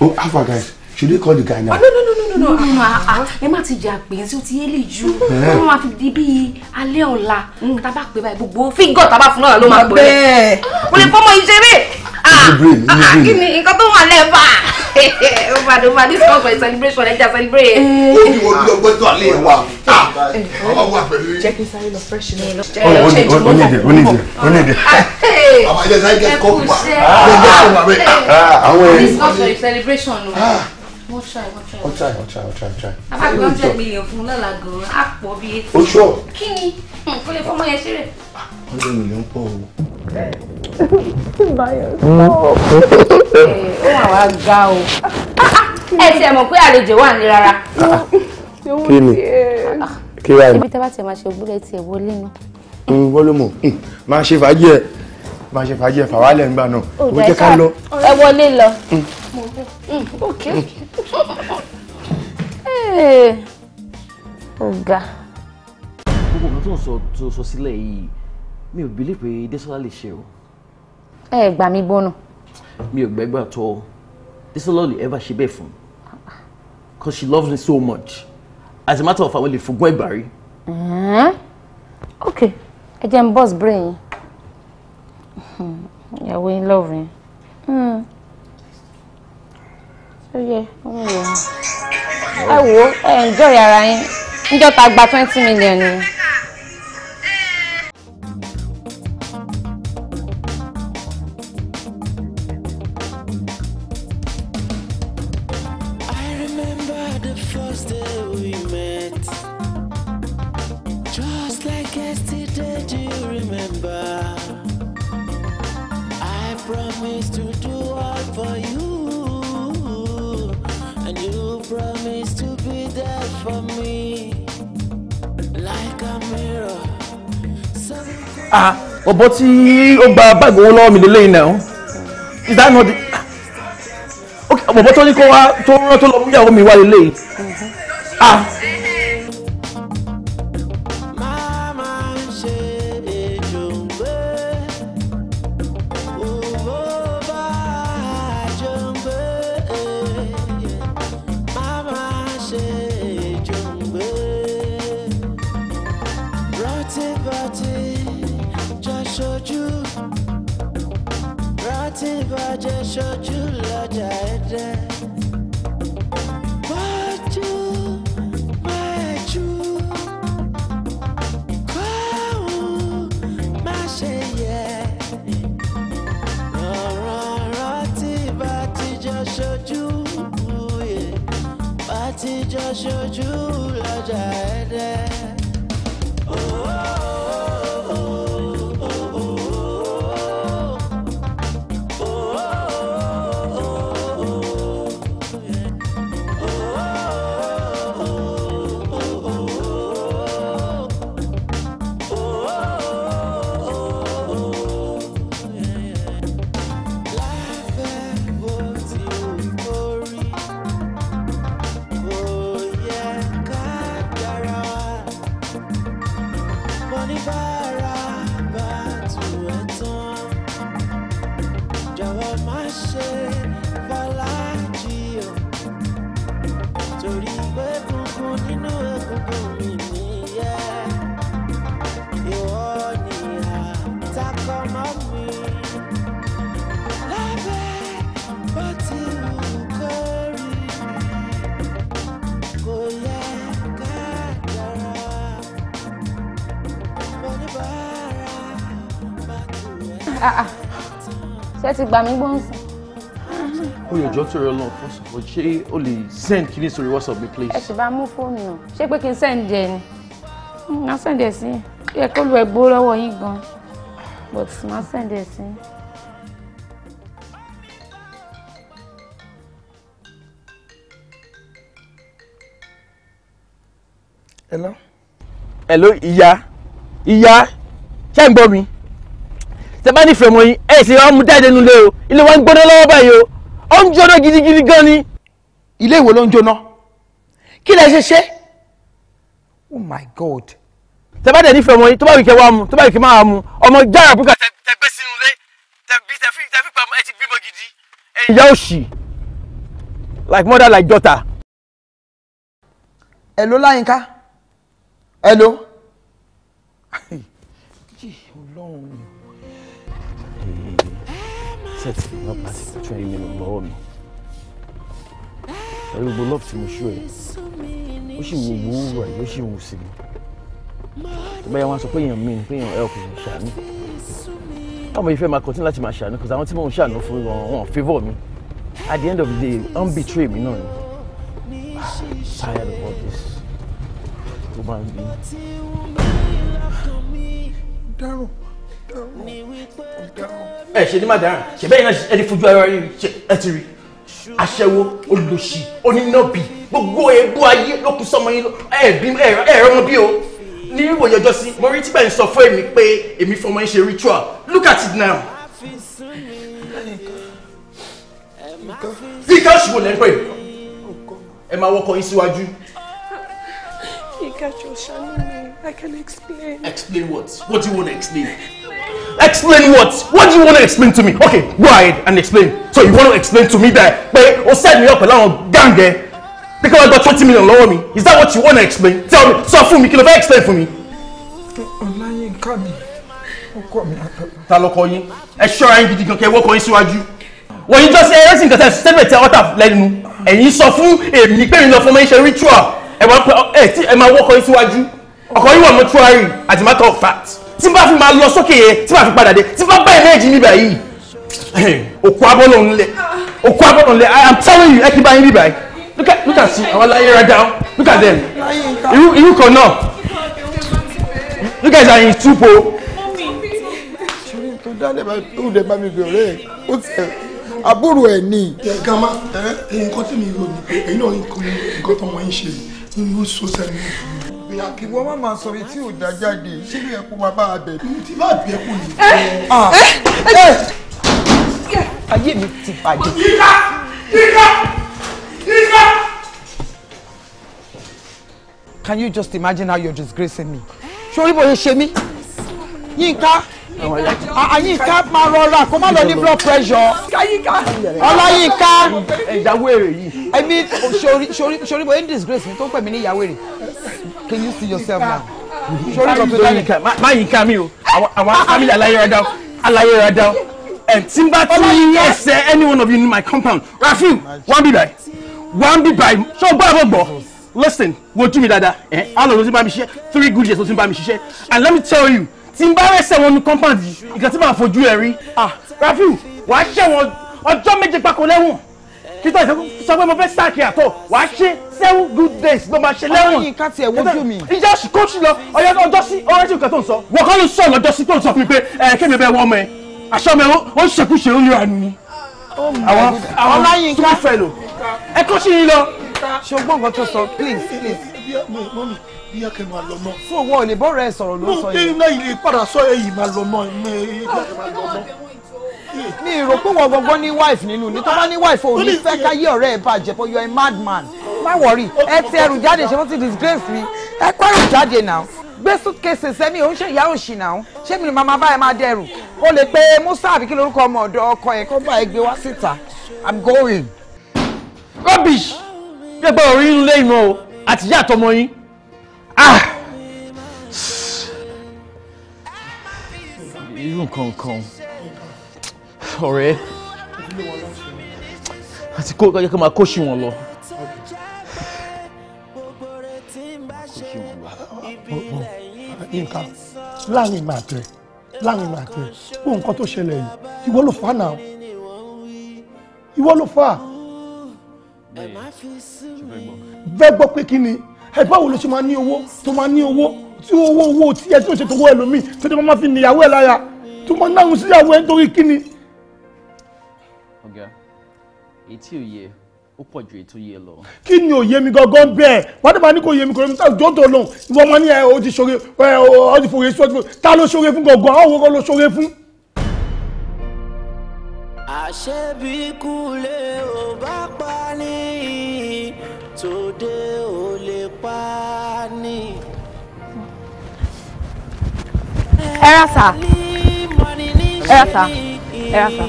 Oh, Alpha guys. Should we call the guy now? Oh, no, no, no, no, no, no. Ah, ah, ah. ẹ má ti jà pé tí ó ti yélé jù. Mm-hmm. Wọ́n máa fi di bíi alẹ́ ọ̀la. Mm. Tá a bá pè báyìí gbogbo fígọ̀ tá a bá fún náà ló máa pè é. Kò lè fọmọ ìṣeré celebrate nínú brain. kí ni nǹkan tó wà lẹ́ẹ̀fà over the over eh, ah. ah. ah. this conference celebration ẹja celebrate. ó ní wọn lọ gbọ́dọ̀ alẹ́ wa ọmọ wa pẹ̀lú. jẹ́ kí n sáré lọ fresh náà. ó ní ìdè ó ní ìdè ó ní ìdè ó ní ìdè. àwọn ẹ̀jẹ̀ sáré gẹ̀ kọ́ wà ẹ̀jẹ̀ sọ̀rọ̀ àbẹ̀. àwọn ẹ̀ this conference celebration o. I'll try, I'll try, I'll try, I'll try, I'll try. I've got 100 million fún lọ́la gan-an, àpọ̀ bíi. O sure? Kí ni? Kò lè fọmọ yẹn ṣeré. 100 million pọ̀ o báyọ̀ sọ. ó wà wá ga o ẹ tiẹ̀ mọ̀ pé àlejò wà ní rárá. kí ni kí wàá ní. ibi tí a bá tiẹ̀ máa ṣe gbúdọ̀ tiẹ̀ wọlé náà. n mm, wọlé mọ mm, máa ṣe fàájì ẹ máa ṣe fàájì ẹ fàwálẹ̀ ńgbà náà ó jẹ́ ká lọ. ẹ wọlé lọ. ọ̀gá. Mm. Eh, gbogbo nǹkan tó ń sọ sílẹ̀ yìí mi ò bìlí pé Désọlá lè ṣe o. ẹ ẹ gbà mí bọ́nà. mi ò gbẹ́gbà tó o lè ever ṣe bẹ́ẹ̀ fún mi because she loves me so much as a matter of fact mo lè fògùn ẹgbàá rí. ok ẹ jẹ́ n bọ́s brain yín ìyàwó yín lọ́ọ̀rù yín hmm. ó yẹ ọmọ ìwòran ẹ wò ó ẹ enjoy ara yín níjọ́ tá a gba twenty million ni. ọ̀bọ tí ó gba báàgì owó lọ́wọ́ mi lélẹ́yìn náà is that not the ah, ọ̀bọ tó ní kó wá tó rán tó lọ mú ìyàwó mi wá lélẹ́yìn ah. ti gbà mí gbọ́n sìn. ó yẹ jọ́ torí fún sọ̀rọ̀ ṣé o lè send kí ní sórí whatsapp mi please. ẹ bá mú fóònù o ṣé pé kí n send ẹ ni má mm, send ẹ sí yẹ kó lu ẹ lọ́wọ́ yín gan but má send ẹ sí. hello. hello ìyá ìyá ṣé ń gbọ́ mi tẹ nífẹ̀ẹ́ mọ́ yín ẹ̀ sì wá jáde nulẹ̀ o ilé wa ń gbóná lọ́wọ́ báyìí o ó ń jóná gidigidi gan ni. ilé ìwò ló ń jóná kí lẹ ṣe ṣe oh my god. tẹ bá nífẹ̀ẹ́ mọ́ yín tó bá wìkẹ́ wá mu tó bá wìkẹ́ máa mu ọmọ jára púpà tẹ sínú ilé tẹ bí pamọ́ ẹ ti bímọ gidi. ìyá òṣì like mother like daughter. ẹ ló láyínká ẹ ló. ọlọ́run set me up láti tọ́jú ẹ̀yìn mi nù lọ́wọ́ mi pẹ̀lú gbogbo love tí mo ṣú ẹ̀ ó sì wù wúrú ẹ̀ ó sì wù sí mi tó bá yẹ wọn sọ pé èèyàn mi ni pé èèyàn ẹ̀ kò sì ṣàánú báwo ni ìfẹ́ máa continue because àwọn tí mò ń ṣàánú fún wọn wọn at the end of the day I'm betray Me, náà ni tired of all this tó máa ń ẹ ṣe ní madam ṣe bẹ́ẹ̀ náà ẹ ti fojú ara yín ẹ ti rí aṣẹ́wó olùlọ́sì onínàbì gbogbo èébú ayé ló sọmọ yín ẹ̀ẹ́bí ẹ̀ẹ́rọ ọmọ bí o ní ìwòye ọjọ́ sí mo rí tí bẹ́ẹ̀ ń sọ fún èmi pé èmi fọmọ yín ṣe ritual look at it now. fíkà ṣùgbọ́n lẹ́ ń ẹ máa wọkọ̀ yín síwájú. fíkà ṣọṣà ni mi I can explain. Explain what? What do you want to explain? explain what what do you want to explain to me okay go ahead and explain so you want to explain to me that pé o set me up pẹ̀lú àwọn gang pé because I got twenty million lọ́wọ́ mi is that what you want to explain tell me sọ fún mi kí ló fẹ́ explain fún mi. ọláyínká mi ọkọ mi àtọ́lá. ta lọkọ yín ẹ ṣọ́ra yín gidi gan kẹ́ ẹ wọ́kọ yín síwájú wọ́n yín jọ sí ẹrẹ́sìn kẹsẹ̀ sẹ́bẹ̀ tí ọ̀tà lẹ́nu ẹ̀yin sọ fún èmi pé mi lọ fún ọmọ iṣẹ́ ritual ẹ̀ máa wọ́kọ yín síwájú ọkọ yín wà mọ́túárì as a matter of fact tí bá fi máa lọ sókè yẹn tí bá fi padà dé tí n bá bá ẹ̀mẹ́jì níbà yìí òkú abọ́lọ̀ ńlẹ̀ òkú abọ́lọ̀ ńlẹ̀ I am telling you ẹ kí bá yín níbà yìí look at look at see àwọn láyé ra down look at them irú irú kan náà look at that in two po. tó dáadé bá tó dé bá mi fi ọ̀rẹ́ ẹ̀ ni. ẹ gama ẹ nǹkan tí mi yóò ní pé ẹ̀yin náà nǹkan tó mọ̀ ẹ́ ń ní social pé má máa sọ etí ò dá jáde ṣé ló máa bá a bẹ̀ bí ti má bẹ̀ kò ní eh! ah. eh! eh! ayé mi ti bàjẹ́. yíká yíká yíká. Can you just imagine how you're disgracing me? sori bóyá ṣe mí Yínká àyínká ah, ah, máa rọra kó má lọ ní blood pressure ọláyínká ìyàwó èrè yìí. I mean sori sori sori bóyá disgrace mi tó ń pè mí ní ìyàwó èrè. Can you see yourself now? Sori kan tó dání kan má yìí kan mi o. Àwọn family right down aláyẹ̀rẹ̀ down. Tí n bá tún ẹsẹ̀ any one of you in my compound. Rafi, one be by, one be by. Ṣé o gbọ́ àbọ̀ gbọ́? Listen, wojú mi dáadáa. How eh, long ló ti bá mi ṣiṣẹ́? Three good years ló ti me share. And let me tell you, tí n bá rẹ̀ṣẹ̀ compound, ní compound yìí, for jewelry. Ah, Rafi, ẹ̀ share? Rafiu, wàá ṣẹ̀wọ̀n ọjọ́ méje gbáko lẹ́wọ̀n títọ́ sọ pé mo fẹ́ sáàkì àtọ̀ wà á ṣe seven good days ló máa ṣe lẹ́wọ̀n. ọlọ́yin ká tiẹ̀ wojú mi. ìjà oṣù kóòtù lọ ọyọ ọjọ́ sí ọ̀rẹ́ tí nǹkan tó ń sọ. wọ́n kọ́ ló sọ lọ́jọ́ sí tó ń sọ fún mi pé ẹ kémi bẹ́ẹ̀ wọ́n mọ ẹ àṣọ mi ó ń ṣèkúṣe ó ń yọ àánú ni. àwọn àwọn tún fẹ́ lò ẹ kó sí yín lọ. ṣùgbọ́n nǹkan tó sọ please please. bí ọkẹ́ máa lọ náà. fún òun ò lè bọ́ mi rò pé wọ́n gbọ́ngbọ́n ní wife nínú ní tó bá ní wife ò ní fẹ́ káyé ọ̀rẹ́ ẹ̀ bàjẹ́ but you are a mad man má wọ̀rí ẹ ti ẹrù jáde ṣe wọ́n ti disgrace mi ẹ kọ́ ẹrù jáde now gbé suitcase sẹ́mi òun ṣe ìyá òṣì náà ṣé mi ni màmá báyìí máa dẹrù o lè pe Musa àbí kí lorúkọ ọmọ ọ̀dọ̀ ọkọ yẹn kó bá ẹ gbé wá síta i'm going. rubbish yẹ gbọ́dọ̀ rí inú lẹ́yìn náà o àtìyá àtọmọ yín. ah irú nǹkan nǹkan ọ̀rẹ́ àti kó kọjá kó máa kóṣì wọn lọ. nǹkan láàrin màá tẹ láàrin màá tẹ kó nǹkan tó ṣẹlẹ̀ yìí ìwọ ló fà náà ìwọ ló fà bẹ́ẹ̀ gbọ́ pé kí ni ẹ báwo ló ṣe máa ní owó tó máa ní owó tí owó owó tí ẹ tí ò ṣe tó owó ẹlòmíì tó dé máa fi níyàwó ẹ lára tó máa náà síyàwó ẹ nítorí kí ni ọ̀gá èyí tí ò yẹ ó pọ̀ ju èyí yẹ lọ. kí ni òye mi gangan bẹ́ẹ̀ wádìí ní kò yé mi kò yé mi tó tó ìwọ ọmọ ní ẹ o ti ṣoore ẹ o ti fòye sí ti fòye ta ló ṣoore fún gangan àwọn òwúrọ̀ ló ṣoore fún. àṣẹbí kúlẹ̀ ò bá pa ní tòde ò lè pa ní. ẹ rà sá ẹ rà sá ẹ rà sá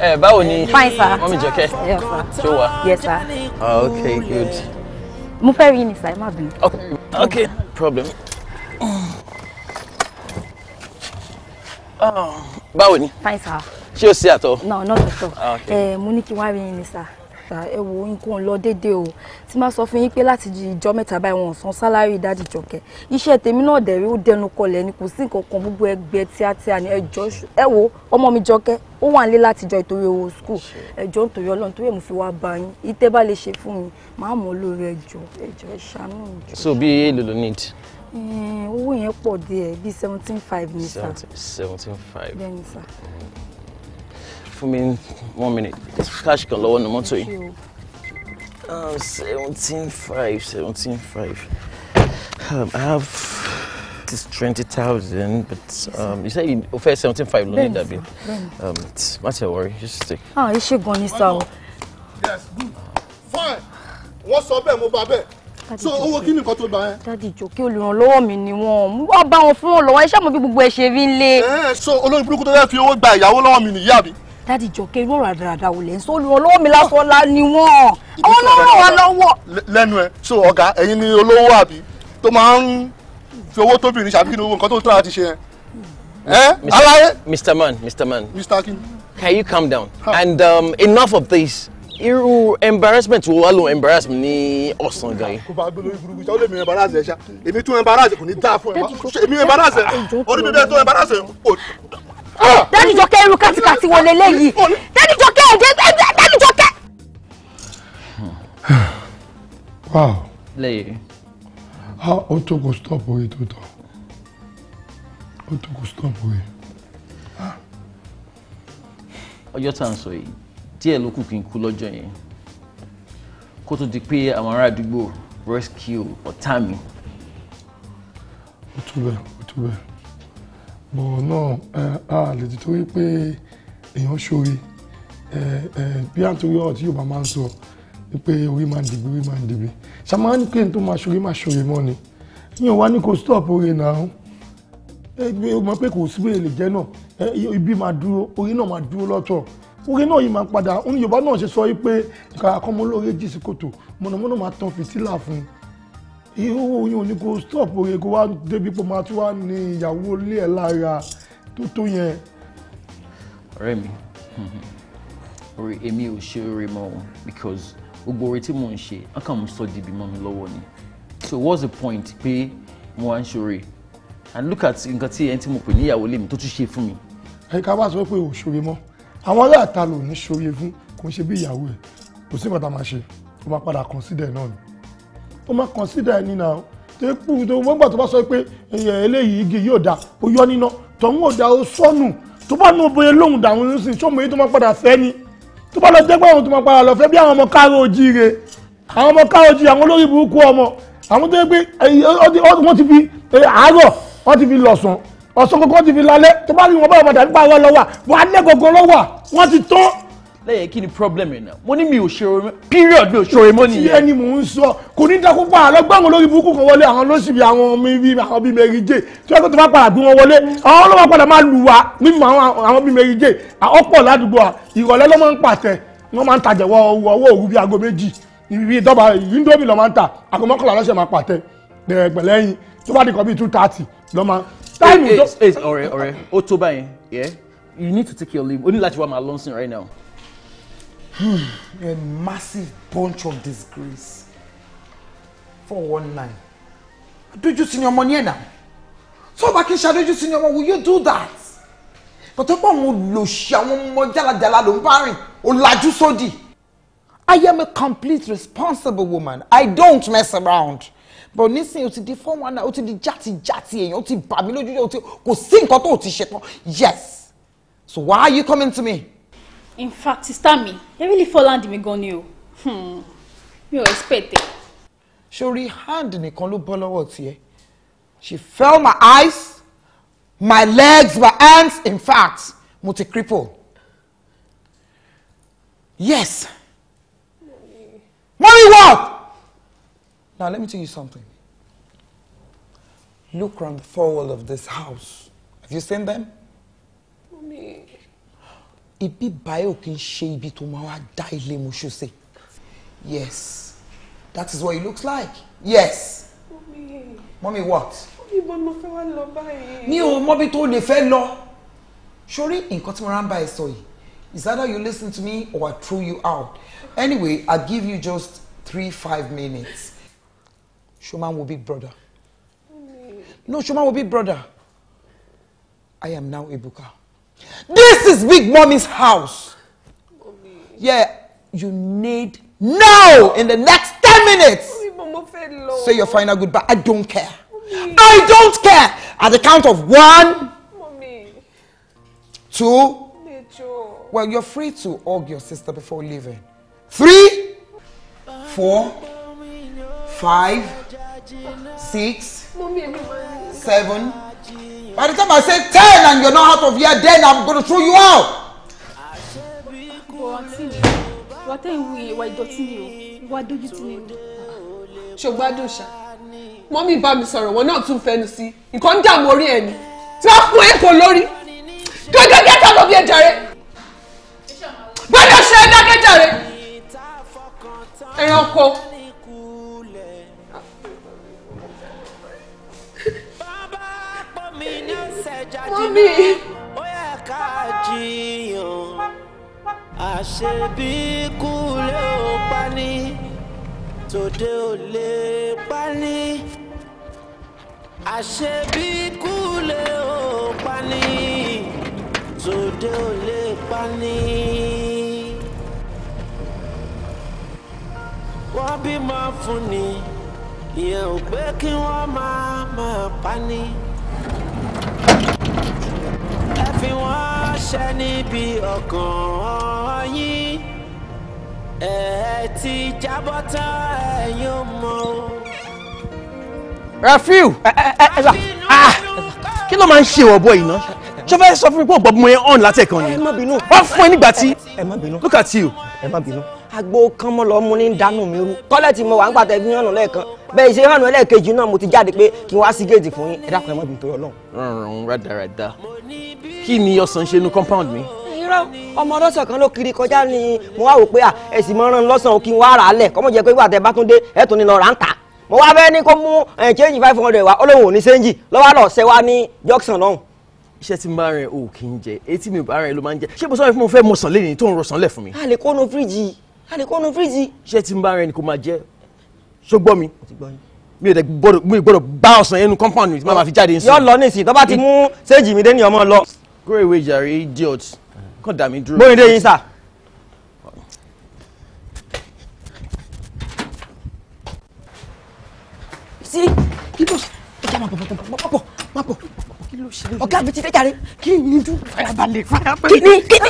ẹ eh, báwo ni mọ́mí jọkẹ́ ṣó wà. yes sir. Ah, okay, good. mo fẹ́ rí ni sir ẹ má bínú. ok problem. Ah, báwo ni. fine sir. ṣé o sí àtọ. no not at all. Ah, eh, mo ní kí wá rí ni sir ẹ wo nǹkan lọ déédéé o tí máa sọ fún yín pé láti di ìjọ mẹ́ta báyìí wọn san sálárì dájú ìjọkẹ́ iṣẹ́ tèmi náà dẹ̀rí ó dẹnu kọlẹ̀ ni kò sí nǹkan kan gbogbo ẹgbẹ́ tíátíá ni ẹjọ́ ẹ wo ọmọ mi jọkẹ́ ó wà nílé láti jọ ìtòrí owó skul ẹjọ́ nítorí ọlọ́run tó yẹ mo fi wá bá yín ìtẹ́ bá lè ṣe fún mi máa mọ̀ lórí ẹjọ́ ẹjọ́ ẹ ṣàánú ìjọ. so bí èlò ló need. owó yẹn pọ̀ díẹ̀ bíi seventeen five ní sá. seventeen five. bẹ́ẹ̀ ni sá fún mi one minute cash kan lọ́wọ́ ní mọ́tò yìí um, seventeen five seventeen five um, I have this twenty thousand but um, you said you offer seventeen five lónìí dàbí um, not your worry just take. ah iṣẹ́ gan ni sá o. yes fine wọ́n sọ bẹ́ẹ̀ mo bá bẹ́ẹ̀ so owó kí ni nǹkan tó gbà ẹ́. dádì jòkè olùrànlọ́wọ́ mi ni wọ́n mú wá bá wọn fún wọn lọ́wọ́ iṣẹ́ àmọ́ bí gbogbo ẹ̀ ṣe rí ń lé. ẹ ẹ so olórí burúkú tó fẹ́ fi owó gba ìyàwó lọ́wọ́ mi nìyí àbí dáàdì jọkẹ́ irú ọ̀rọ̀ àdàràdà ò lè ń sọ olùrànlọ́wọ́ mi lásán ni wọ́n àwọn olówó wa lọ́wọ́. lẹ́nu ẹ̀ so ọ̀gá ẹ̀yin ni olówó àbí tó máa ń fi owó tóbìnrin ṣàbíkí owó nǹkan tó ń tọ́ ṣe yẹn. ẹ Mr. Man Mr. Man. Mr. King. Can you calm down and um, enough of this irú embarrassment wo wá ló embarrass mi ní ọ̀sán gan yìí. kò bá gbé lórí burúkú sáwọ́ lè mi embarrass ẹ̀ ṣá èmi tún embarrass kò ní dáa fún ẹ̀ èmi embarrass ẹ̀ orí mi bẹ́ẹ̀ tó embarrass ẹ̀ Ah! dádì Jọkẹ́ irú kátikàti wo leléyìí dádì Jọkẹ́ ẹ̀jẹ̀ dádì Jọkẹ́. wow. lẹ́yìn. a ó stop oye To tọ ó tó stop oye. ọjọ́ tá à ń sọ yìí díẹ̀ ló kù kí n kú lọ́jọ́ yẹn kó tó di pé àwọn ará àdúgbò rescue ọ̀tá mi. ó tó bẹ́ẹ̀ ó tó bẹ́ẹ̀ bọ̀ náà a lè ti torí pé èèyàn ṣoore bí à ń torí ọ̀rọ̀ tí Yorùbá máa ń sọ pé orí máa ń dìbò orí máa ń dìbò ṣàmá ní pé n tó máa ṣoore máa ṣoore mọ́ ni yíyan wá ní kò stop oore náà ẹgbẹ́ o mọ̀ pé kò sí bẹ́ẹ̀ lè jẹ́ náà ibi máa dúró orí náà máa dúró lọ́tọ̀ orí náà yìí máa padà òun Yorùbá náà ṣe sọ wípé ìkàkọ́mọlóore jì sí kòtò mọ̀nàmọ́ná máa tan fìtílà fún un owó yẹn ò ní kó stop rẹ̀ kó wá débi pọ̀ máa tún wá ní ìyàwó ilé ẹ̀ lára tó tó yẹn. ọ̀rẹ́ mi orí èmi ò ṣe oore mọ́ o because gbogbo oore tí mò ń ṣe wọ́n kàn mú sọ dìbì mọ́ mi lọ́wọ́ ni so what's the point pé mo wá ń ṣe and look at nǹkan tí ẹni tí mo pè ní ìyàwó ilé mi tó tún ṣe fún mi. ẹ ká wá sọ pé ò ṣoore mọ́ àwọn aláàtà lò ní ṣoore fún kò ń ṣe bí ìyàwó ẹ̀ kò sí nǹkan tá a máa ṣe ó máa padà consider náà ni ó má consider ẹni náà tó kú wọ́n gbà tó bá sọ pé eléyìí igi yóò da ó yọ níná tọ̀hún ò da ó sọnù tó bá nu oboye lóhùn dàrún ní sìn sọ́mọ yìí tó máa padà fẹ́ ni tó bá lọ jẹ́ pé àwọn tó máa padà lọ fẹ́ bí àwọn ọmọ káàró ojíire àwọn ọmọ káàró ojíire àwọn olórí burúkú ọmọ àwọn tó yẹ pé wọ́n ti fi àárọ̀ wọ́n ti fi lọ̀sán ọ̀sán kọ̀ọ̀kan ti fi lálẹ́ tó bá rí wọn bá wọn dàbí pààrọ̀ lọ́wọ́ àlẹ́ kọ̀ọ̀kan lọ́wọ́ wọ́n ti tán lẹ́yìn kí ni problem yìí náà mo ní mi ò ṣòro period mi ò ṣòro mọ́ nìyẹn. tiẹ̀ ni mò ń sọ kò ní dákú pa àlọ́ gbọ́ àwọn olórí burúkú kan wọlé àwọn lọ́sibí àwọn ọmọ ibi àwọn bíi Mary Jane tí wọ́n tó bá padà gbé wọn wọlé àwọn ọlọ́wọ́ padà máa lù wá mímu àwọn bíi Mary Jane ọ̀pọ̀ ládùúgbò wa ìrọ̀lẹ́ ló máa ń pàṣẹ wọ́n máa ń tajà wọ owó òru bíi aago méjì ibi ìdọ́ba yìndóbi lọ́ máa ń ta aago mọ́kànlá lọ́sẹ̀ máa pàtẹ pẹ̀lẹ́yìn tó bá di kan bíi two thirty lọ́ máa. ọ̀rẹ́ you need to take your leave o ní láti wá my lọ́sìn right now. You're hmm, a massive bunch of disgrace. 419. Adójútì ni ọmọ ní ẹ̀nà. Tó o bá kí n you see your money? will you do that? Bọ̀tọ́ pé àwọn olòṣì àwọn ọmọ jálajàla ló ń bá rìn, ọ̀làjú sódì. I am a complete responsible woman. I don't mess around. But nísìnyí o ti di 419, o see the játijàti èèyàn, o ti bà mí lójú, kò sí nǹkan tó o ti shit. Yes. So why are you coming to me? in fact sister, me, they really fall hand I gan ni You hmm, mi ò expect ẹ. sori hand nìkan ló bọ́ lọ́wọ́ she fell my eyes my legs my hands in fact multi cripple yes mommy what now let me tell you something look round the four walls of this house have you seen them. mommy. ibi báyọ̀ kì í ṣe ibi tó máa wá dá ilé mu ṣọṣẹ́ yes that is what it looks like yes. mọ́mí what. mọ́mí bọ́n mo fẹ́ wá lọ báyìí. mi ò mọ́bí tó lè fẹ́ lọ sórí nǹkan tí mo rán bá ẹ sọ yìí is either you listen to me or I throw you out anyway I give you just three five minutes ṣọmọ wo big brother no ṣọmọ wo big brother I am now Ebuka. This is Big Mommy's house. Mommy. Yeah, you need now in the next 10 minutes. Mommy, say your final goodbye. I don't care. Mommy. I don't care. At the count of one, Mommy. two, Necho. well, you're free to hug your sister before leaving. Three, four, five, six, seven. By the time I say ten and you're not out of here, then I'm gonna throw you out. Ìwà tẹ́yìn wu ìwà ìdọ̀tí ni o, ìwà dójú ti ni o. Ṣògbọ́n Adóṣà, mọ́mí bá mi sọ̀rọ̀ wọn náà tún fẹnu sí, nǹkan ń dààmú orí ẹ̀ ni, tí wọ́n fún èkó lórí. Gẹ́gẹ́ gẹ́ta ló bí ẹ jàre. Gbọ́dọ̀ ṣe é dákẹ́jàre. Ẹranko. Mami. àṣebí kúlẹ̀ ò pa ní tòde ò lè pa ní àṣebí kúlẹ̀ ò pa ní tòde ò lè pa ní. wọ́n bímọ fún ni ìyẹn ò pé kí wọ́n máa máa pa ní fi wọ́n ṣe níbi ọkàn yín ẹ ti jábọ́ tán ẹ̀yin ò Rafiu ẹ ẹ ẹ ah, kí ló máa ń ṣe ọ̀bọ yìí náà ṣé fẹ́ sọ fún mi pé ọ̀gbọ́n mi ọ̀n látẹ̀kan ni wọ́n fún ẹ nígbà tí look at you agbo kan mọ́ lọ́ọ́ mú ní dánù mi rú tọ́lẹ̀tì mo wà ń pàtẹ́ fi hànú lẹ́ẹ̀kan bẹ́ẹ̀ ṣe hànú ẹlẹ́ẹ̀kejì náà mo ti jáde pé kí n wá sí géètì fún yín ẹ dákun ẹ mọ́ bìí Ọlọ́run. rọrùn rádaràda kí ni ọsàn ṣe nu compound mi. irọ́ ọmọ ọlọ́sàn kan ló kiri kọjá ni mo wá wò pé ẹ sì mọ rán lọ́sàn kí n wá rà á lẹ̀ kọ́mọ jẹ́ pé gbàtẹ́ bá tún dé ẹ̀ tún ní lọ rà ń tà mo wá fẹ́ ní kó mú change five hundred wa olóhùn ò sẹ́ńjì lọ́wọ́ lọ ṣẹ́ wá ní junction náà. iṣẹ́ tí n bá rẹ̀ o kì í jẹ etí mi ò bá rẹ̀ ló máa ń jẹ ṣé mo sọ fún mi fẹ́ mọ̀sán lẹ́yìn tó ń rọ̀sán lẹ̀ fún mi. a lè kó nu fíríjì a lè kó nu fíríjì. ṣé tí n bá rẹ ni kò máa jẹ ṣó gbọ́ mi mi ò dẹ gbọ́dọ̀ mi ò gbọ́dọ̀ bá ọsàn yẹn compound mi tí màá fi jáde nsọ. yọ lọ nísìnyí tó ti mú séèjì mi dé ní ọmọ lọ. kúrò ìwé ìjàre idiot kàn dà mí dúró. bóyin yín sà. sí ibo ẹ jẹ́ máa bọ̀ bọ̀ bọ̀ ló ṣe lè. ọ̀gá mi ti fẹ́ jàre. kí ni dún. farabalẹ̀ farabalẹ̀. kí ni kí ni.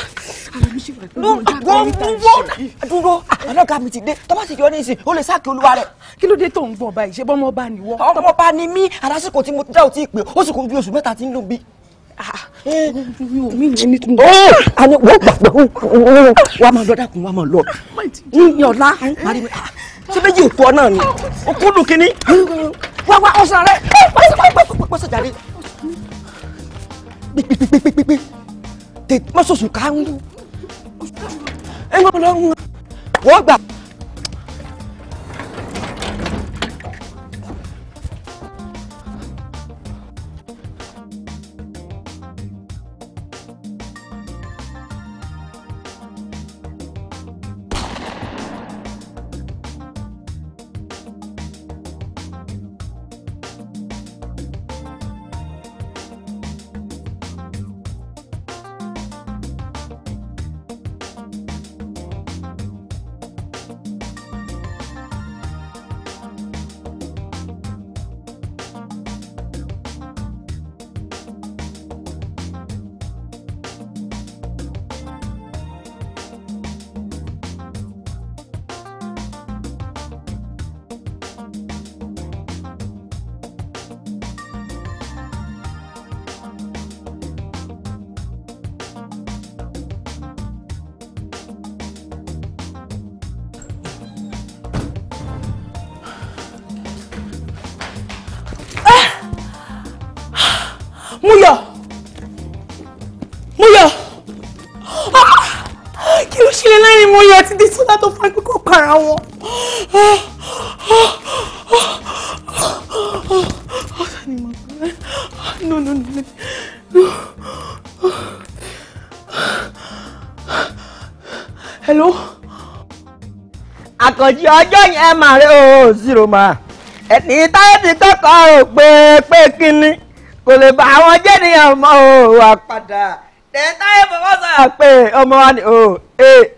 ara mi ṣe wà pé mo ń dá wọ́n wọ́n dúró àwọn ọ̀gá mi ti dé tọ́ba sì yọ ní ìsìn ó lè sáàkì olúwa rẹ̀. kí ló dé tó ń gbọ̀n báyìí ṣé bọ́mọ bá ni wọ́. ọmọ bá ni mí arásìkò tí mo dá ò tí ì pé ó sì kó bí oṣù mẹ́ta ti ń lò bí. mi ò mí ní tún. àní wọ́n gbàgbọ́ wọ́n máa lọ dákun wọ́n máa lọ. ní ọ̀la ṣé méjì òtún ọ náà ni. ó kúndùn kínní. wá wá ọ̀sán rẹ̀ pẹ́sẹ̀ jáde pépépépépépé tètè má sòsò ká ń wọ́n gbà. fúnra tó fún ẹgbẹ́ kò para wọn. hello. àkànjí ọjọ́ yẹn máa rẹ o zero ma. ẹni táyé ti tọkọ ò pé pé kínní kò lè bá àwọn jẹ́niyàn mọ́ o àpàdà tẹ̀ táyé fọwọ́ sọ̀rọ̀ ọmọ wa ni o ee.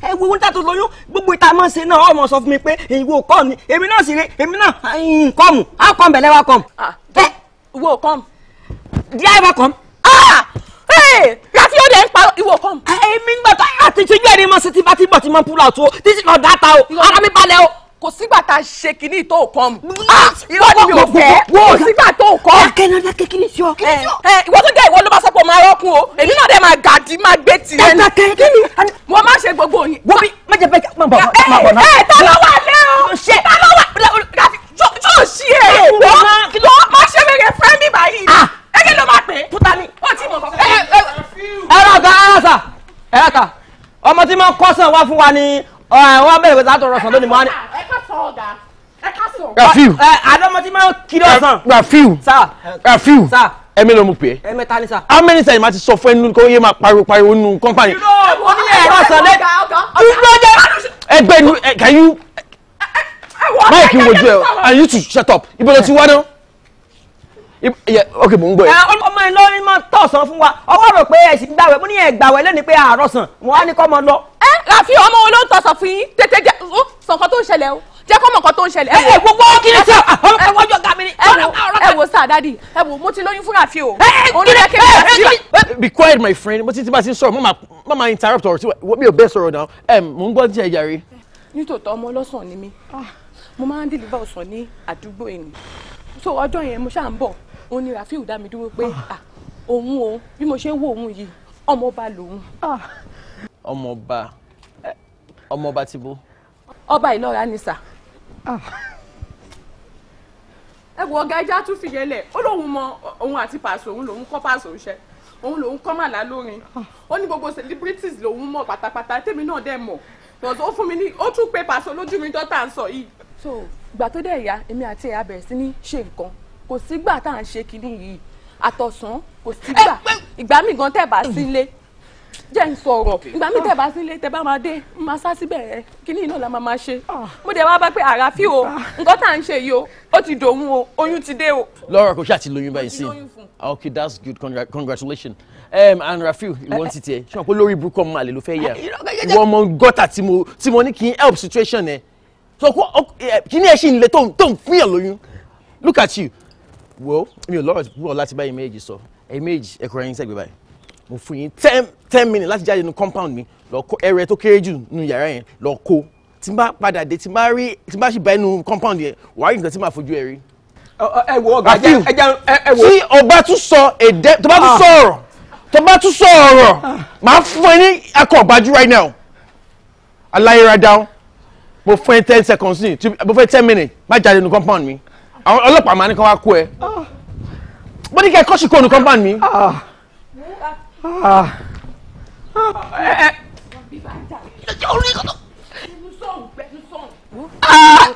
ẹ wo ohun tàtó lóyún gbogbo ìta máa ń ṣe náà ọmọ sọ fún mi pé ìwọ kọ́ ni èmi náà sì rè èmi náà nkọ́mù á kọ́ mbẹ̀lẹ́ wa kọ́ mu. Ah, ìwọ kọ́ mu. díẹ̀ wa kọ́ mu. Ah! láti ọdẹ ń pa ìwọ kọ́ mu. èmi ń gbàtà àti tíjú ẹni mọ̀ sí tibátibọ̀ tí mo ń púlọ̀ tó títí lọ́ọ́ dáta o ara mi balẹ̀ o kò sígbà tá a ṣe kinní tó kàn mù. irọ́ ni mi ò fẹ́ kò sígbà tó kàn. akẹ́ni ọjà kékeré sí ọ. ìwọ tó jẹ́ ìwọ ló bá sọ pé o máa rọ́kùn o èmi náà dẹ̀ máa gàdí máa gbé tirẹ̀. ẹ ta kẹ́ni kí ni. mo máa ṣe gbogbo yín. wọ́n bí má jẹ́ bẹ́ẹ̀ má bọ̀ má bọ̀ náà. ẹ ta ló wà lẹ́ o ta ló wà tó ṣí ẹ wọ́n lọ má ṣe wẹ̀rẹ̀ fẹ́ mi báyìí ẹgbẹ́ ló máa pè é puta ni ó ti mọ̀ kọ́kọ́. ẹ ẹ ẹ ẹ ẹ ọmọ tí mo kọ́ sàn wá fún wa ni wọ́n bẹ̀rẹ̀ pẹ̀lú àtọ̀rọ̀ ọ̀sán lónìí mọ́ ni. ẹ ká sọ ọ̀gá ẹ ká sọ. Rafiu adamati máa ń kiri ọ̀sán. Rafiu Rafiu ẹ̀mí ló mú pé. ẹ mẹ́ta ni sá. how many times ma ti sọ fún ẹnu kó yé máa pariwo pariwo nínú company. oníyẹ̀rọ ọ̀sán lẹ́ ẹgbẹ́ ẹgbẹ́ can you. Mike wojú ẹ and you too shut up ibo ló ti wá náà ok mò ń gbọ́ yẹn. ọmọ ẹ lọ́rin máa tọ̀sán fún wa ọwọ́ rò pé ẹ̀sìn gbàwẹ̀ mo ní ẹ̀ gbàwẹ̀ lẹ́ni pé àárọ̀ sàn wọn á ní kọ́ ọmọ lọ. ẹ Rafiu ọmọ wo ló ń tọ̀sán fún yín tètè jẹ sọ nǹkan tó ń ṣẹlẹ̀ o jẹ́ kọ́ mọ̀ nǹkan tó ń ṣẹlẹ̀. ẹ gbogbo kiri sá ọjọ́ ga mi ni. ẹ wo sá dadi ẹ wo mo ti lóyún fún Rafiu o. Eh, be quiet my friend mo ti ti bá ti sọ̀rọ̀ mo máa interrupt ọ̀rọ̀ tí mi ò bẹ́ẹ̀ sọ̀rọ̀ náà mo ń gbọ́ díẹ̀ yàrá. nítòótọ́ ọmọ ọlọ́sàn ni mi ah, mo máa ń dìlíbà ọ̀sán ní àdúgbò yìí so ọjọ́ yẹn mo ṣáà ń bọ̀ òun ni Rafiu dá mi dúró pé ah. òun o bí mo ṣe ń wo òun yìí ọmọọba lòun. Ah. ọmọọba eh. ọmọọba ti bó. ọba ìlọra ni sà. Ah. ẹ wo ọ̀gá ẹja tún fìyẹn lẹ̀ ó lóun mọ òun àti pàṣẹ òun lòun kọ́ pàṣẹ òṣẹ òun lòun kọ́ màlá lórin ó ní gbogbo celebrities lòun mọ̀ pátápátá tèmi náà dẹ̀ mọ̀ but ó fún mi ní ó tún pé pàṣẹ lójú mi dọ́tà ń sọ yìí. so ìgbà tó dẹ̀ yá èmi àti ẹ̀yà bẹ̀rẹ̀ sí ní ṣe nǹkan kò sígbà tá à ń ṣe kinní yìí àtọ̀sán kò sígbà ìgbà míì gan tẹ̀ sílé jẹ́ ń sọ̀rọ̀ ìgbà mi tẹ̀ sílé tẹ̀ máa dé máa sá síbẹ̀ ẹ̀ kíní iná la máa ṣe mo dẹ̀ wá bá pé àràfí o ah. nǹkan tá à ń ṣe yìí o ó ti dòun o oyún ti dé o. lọ́rọ̀ kò ṣáà ti lóyún báyìí sí okay that's good Congra congratulations um, and Rafiu ìwọ́n eh, ti tiẹ̀ ṣé wọn pé lórí burúkú ọmọ àlè ló fẹ́ yà eh, ọmọ gọ́tà tí mo tí mo help situation ẹ̀ so kíní eh, ẹ̀ ṣì ń le tó ń fún yàn lóyún look at you wo mi ò lọ́rọ̀ púpọ̀ láti bá image sọ image ẹ̀kọ́ ẹ̀yin sẹ́gbẹ̀ẹ́ báyìí mo fún yín ten ten minutes láti jáde nínú compound mi lọ kó ẹrẹ tó kéré jù nínú yàrá yẹn lọ kó tí n bá padà dé tí n bá rí tí n bá sì bá inú compound yẹn wàá rí nǹkan tí màá fojú ẹ rí. ẹ wo ọgá ẹ jẹ ẹ wo. tí ọba tún sọ èdè tó bá tún ah. sọ ọ̀rọ̀ tó bá tún sọ ọ̀rọ̀ ah. màá fún ẹ ní akọ ọ̀gbájú right now aláyẹ̀rẹ̀ down mo fún ẹ ten seconds ní mo fún ẹ ten minutes má jáde nínú compound mi àwọn ọlọ́pàá máa ní kán wá kó ẹ mo ní kẹ́ ẹ kọ́ṣù kóònù compound mi.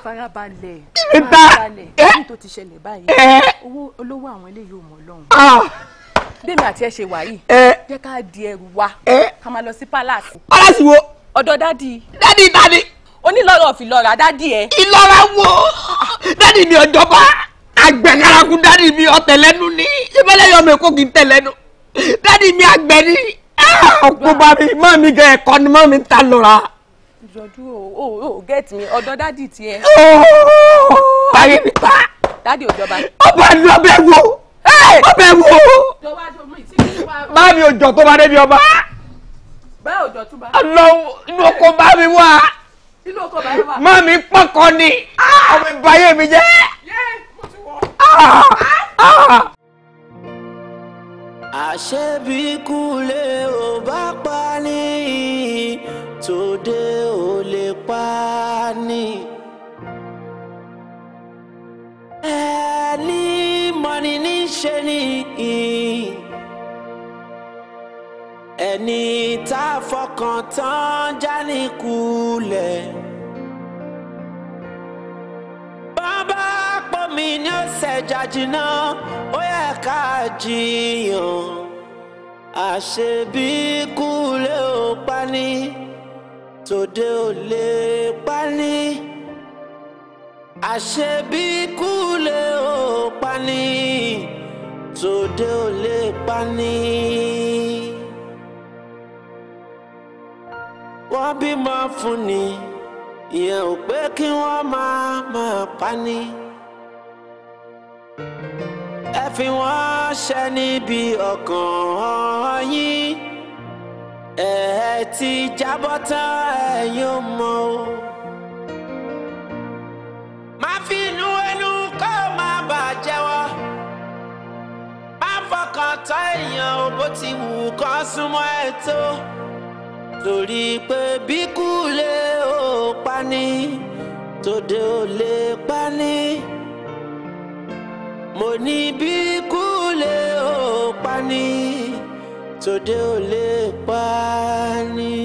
farabalẹ̀ farabalẹ̀ kí tó ti ṣẹlẹ̀ báyìí owó olówó àwọn eléyìí ò mọ̀ lọ́hùn ah. bẹ́ẹ̀ni àti ẹ ṣe wà yìí jẹ́ ká di ẹrù wa ká máa lọ sí palace. palace wo. ọ̀dọ̀ dádì. dádì dádì. onílọ́rọ̀ fi lọ́ra dádì ẹ. ìlọra wo dádì mi ọjọba àgbẹ̀garaku dádì mi ọ̀tẹ̀lẹ́nu ní ìbálẹ̀ yọ mi kó kì í tẹ̀lẹ́nu dádì mi àgbẹ̀ ní ọkùnrin bá mi má mi gẹ ẹ̀kọ́ ni má mi ta lọ́ra. ìjọdún o o get me ọ̀dọ̀ dádì tiẹ̀. báyé mi ta. dádì ọjọba. ọba ni ọbẹ̀ wo ọbẹ̀ wo báyìí ọjọ́ tó bá débi ọba. báyìí ọjọ́ tó bá. ọlọ́run inú ọkọ̀ bá mi wá ilé ọkọ bàbá wa. má mi pọkọ ni ah! ọmọ ìbáyé mi jẹ. àṣebíkú lè ò bá pa ní tòde ò lè pa ní. ẹni mọ̀ni níṣe ni ẹni tá a fọkàn tán já ní kulẹ̀. ṣẹ̀jà jìnnà ó yẹ ká jiyàn àṣebí kúlé ò pa ní tòde ò lè pa ní àṣebí kúlé ò pa ní tòde ò lè pa ní. wọ́n bímọ fún ni ìyẹn ò pé kí wọ́n máa máa pa ní fi wọ́n ṣẹ́ níbi ọkàn yín ẹ ti jábọ́ tán ẹ̀yin ò mọ̀ o. má fi inú ẹnu kó má bàa jẹ́wọ́ má fọkàn tán èèyàn ò bó ti wù kó súnmọ́ ẹ tó torí pé bí kú lè ó pa ní tòde ò lè pa ní mo ní bí kú lè ó pa ni tòde ò lè pa ni.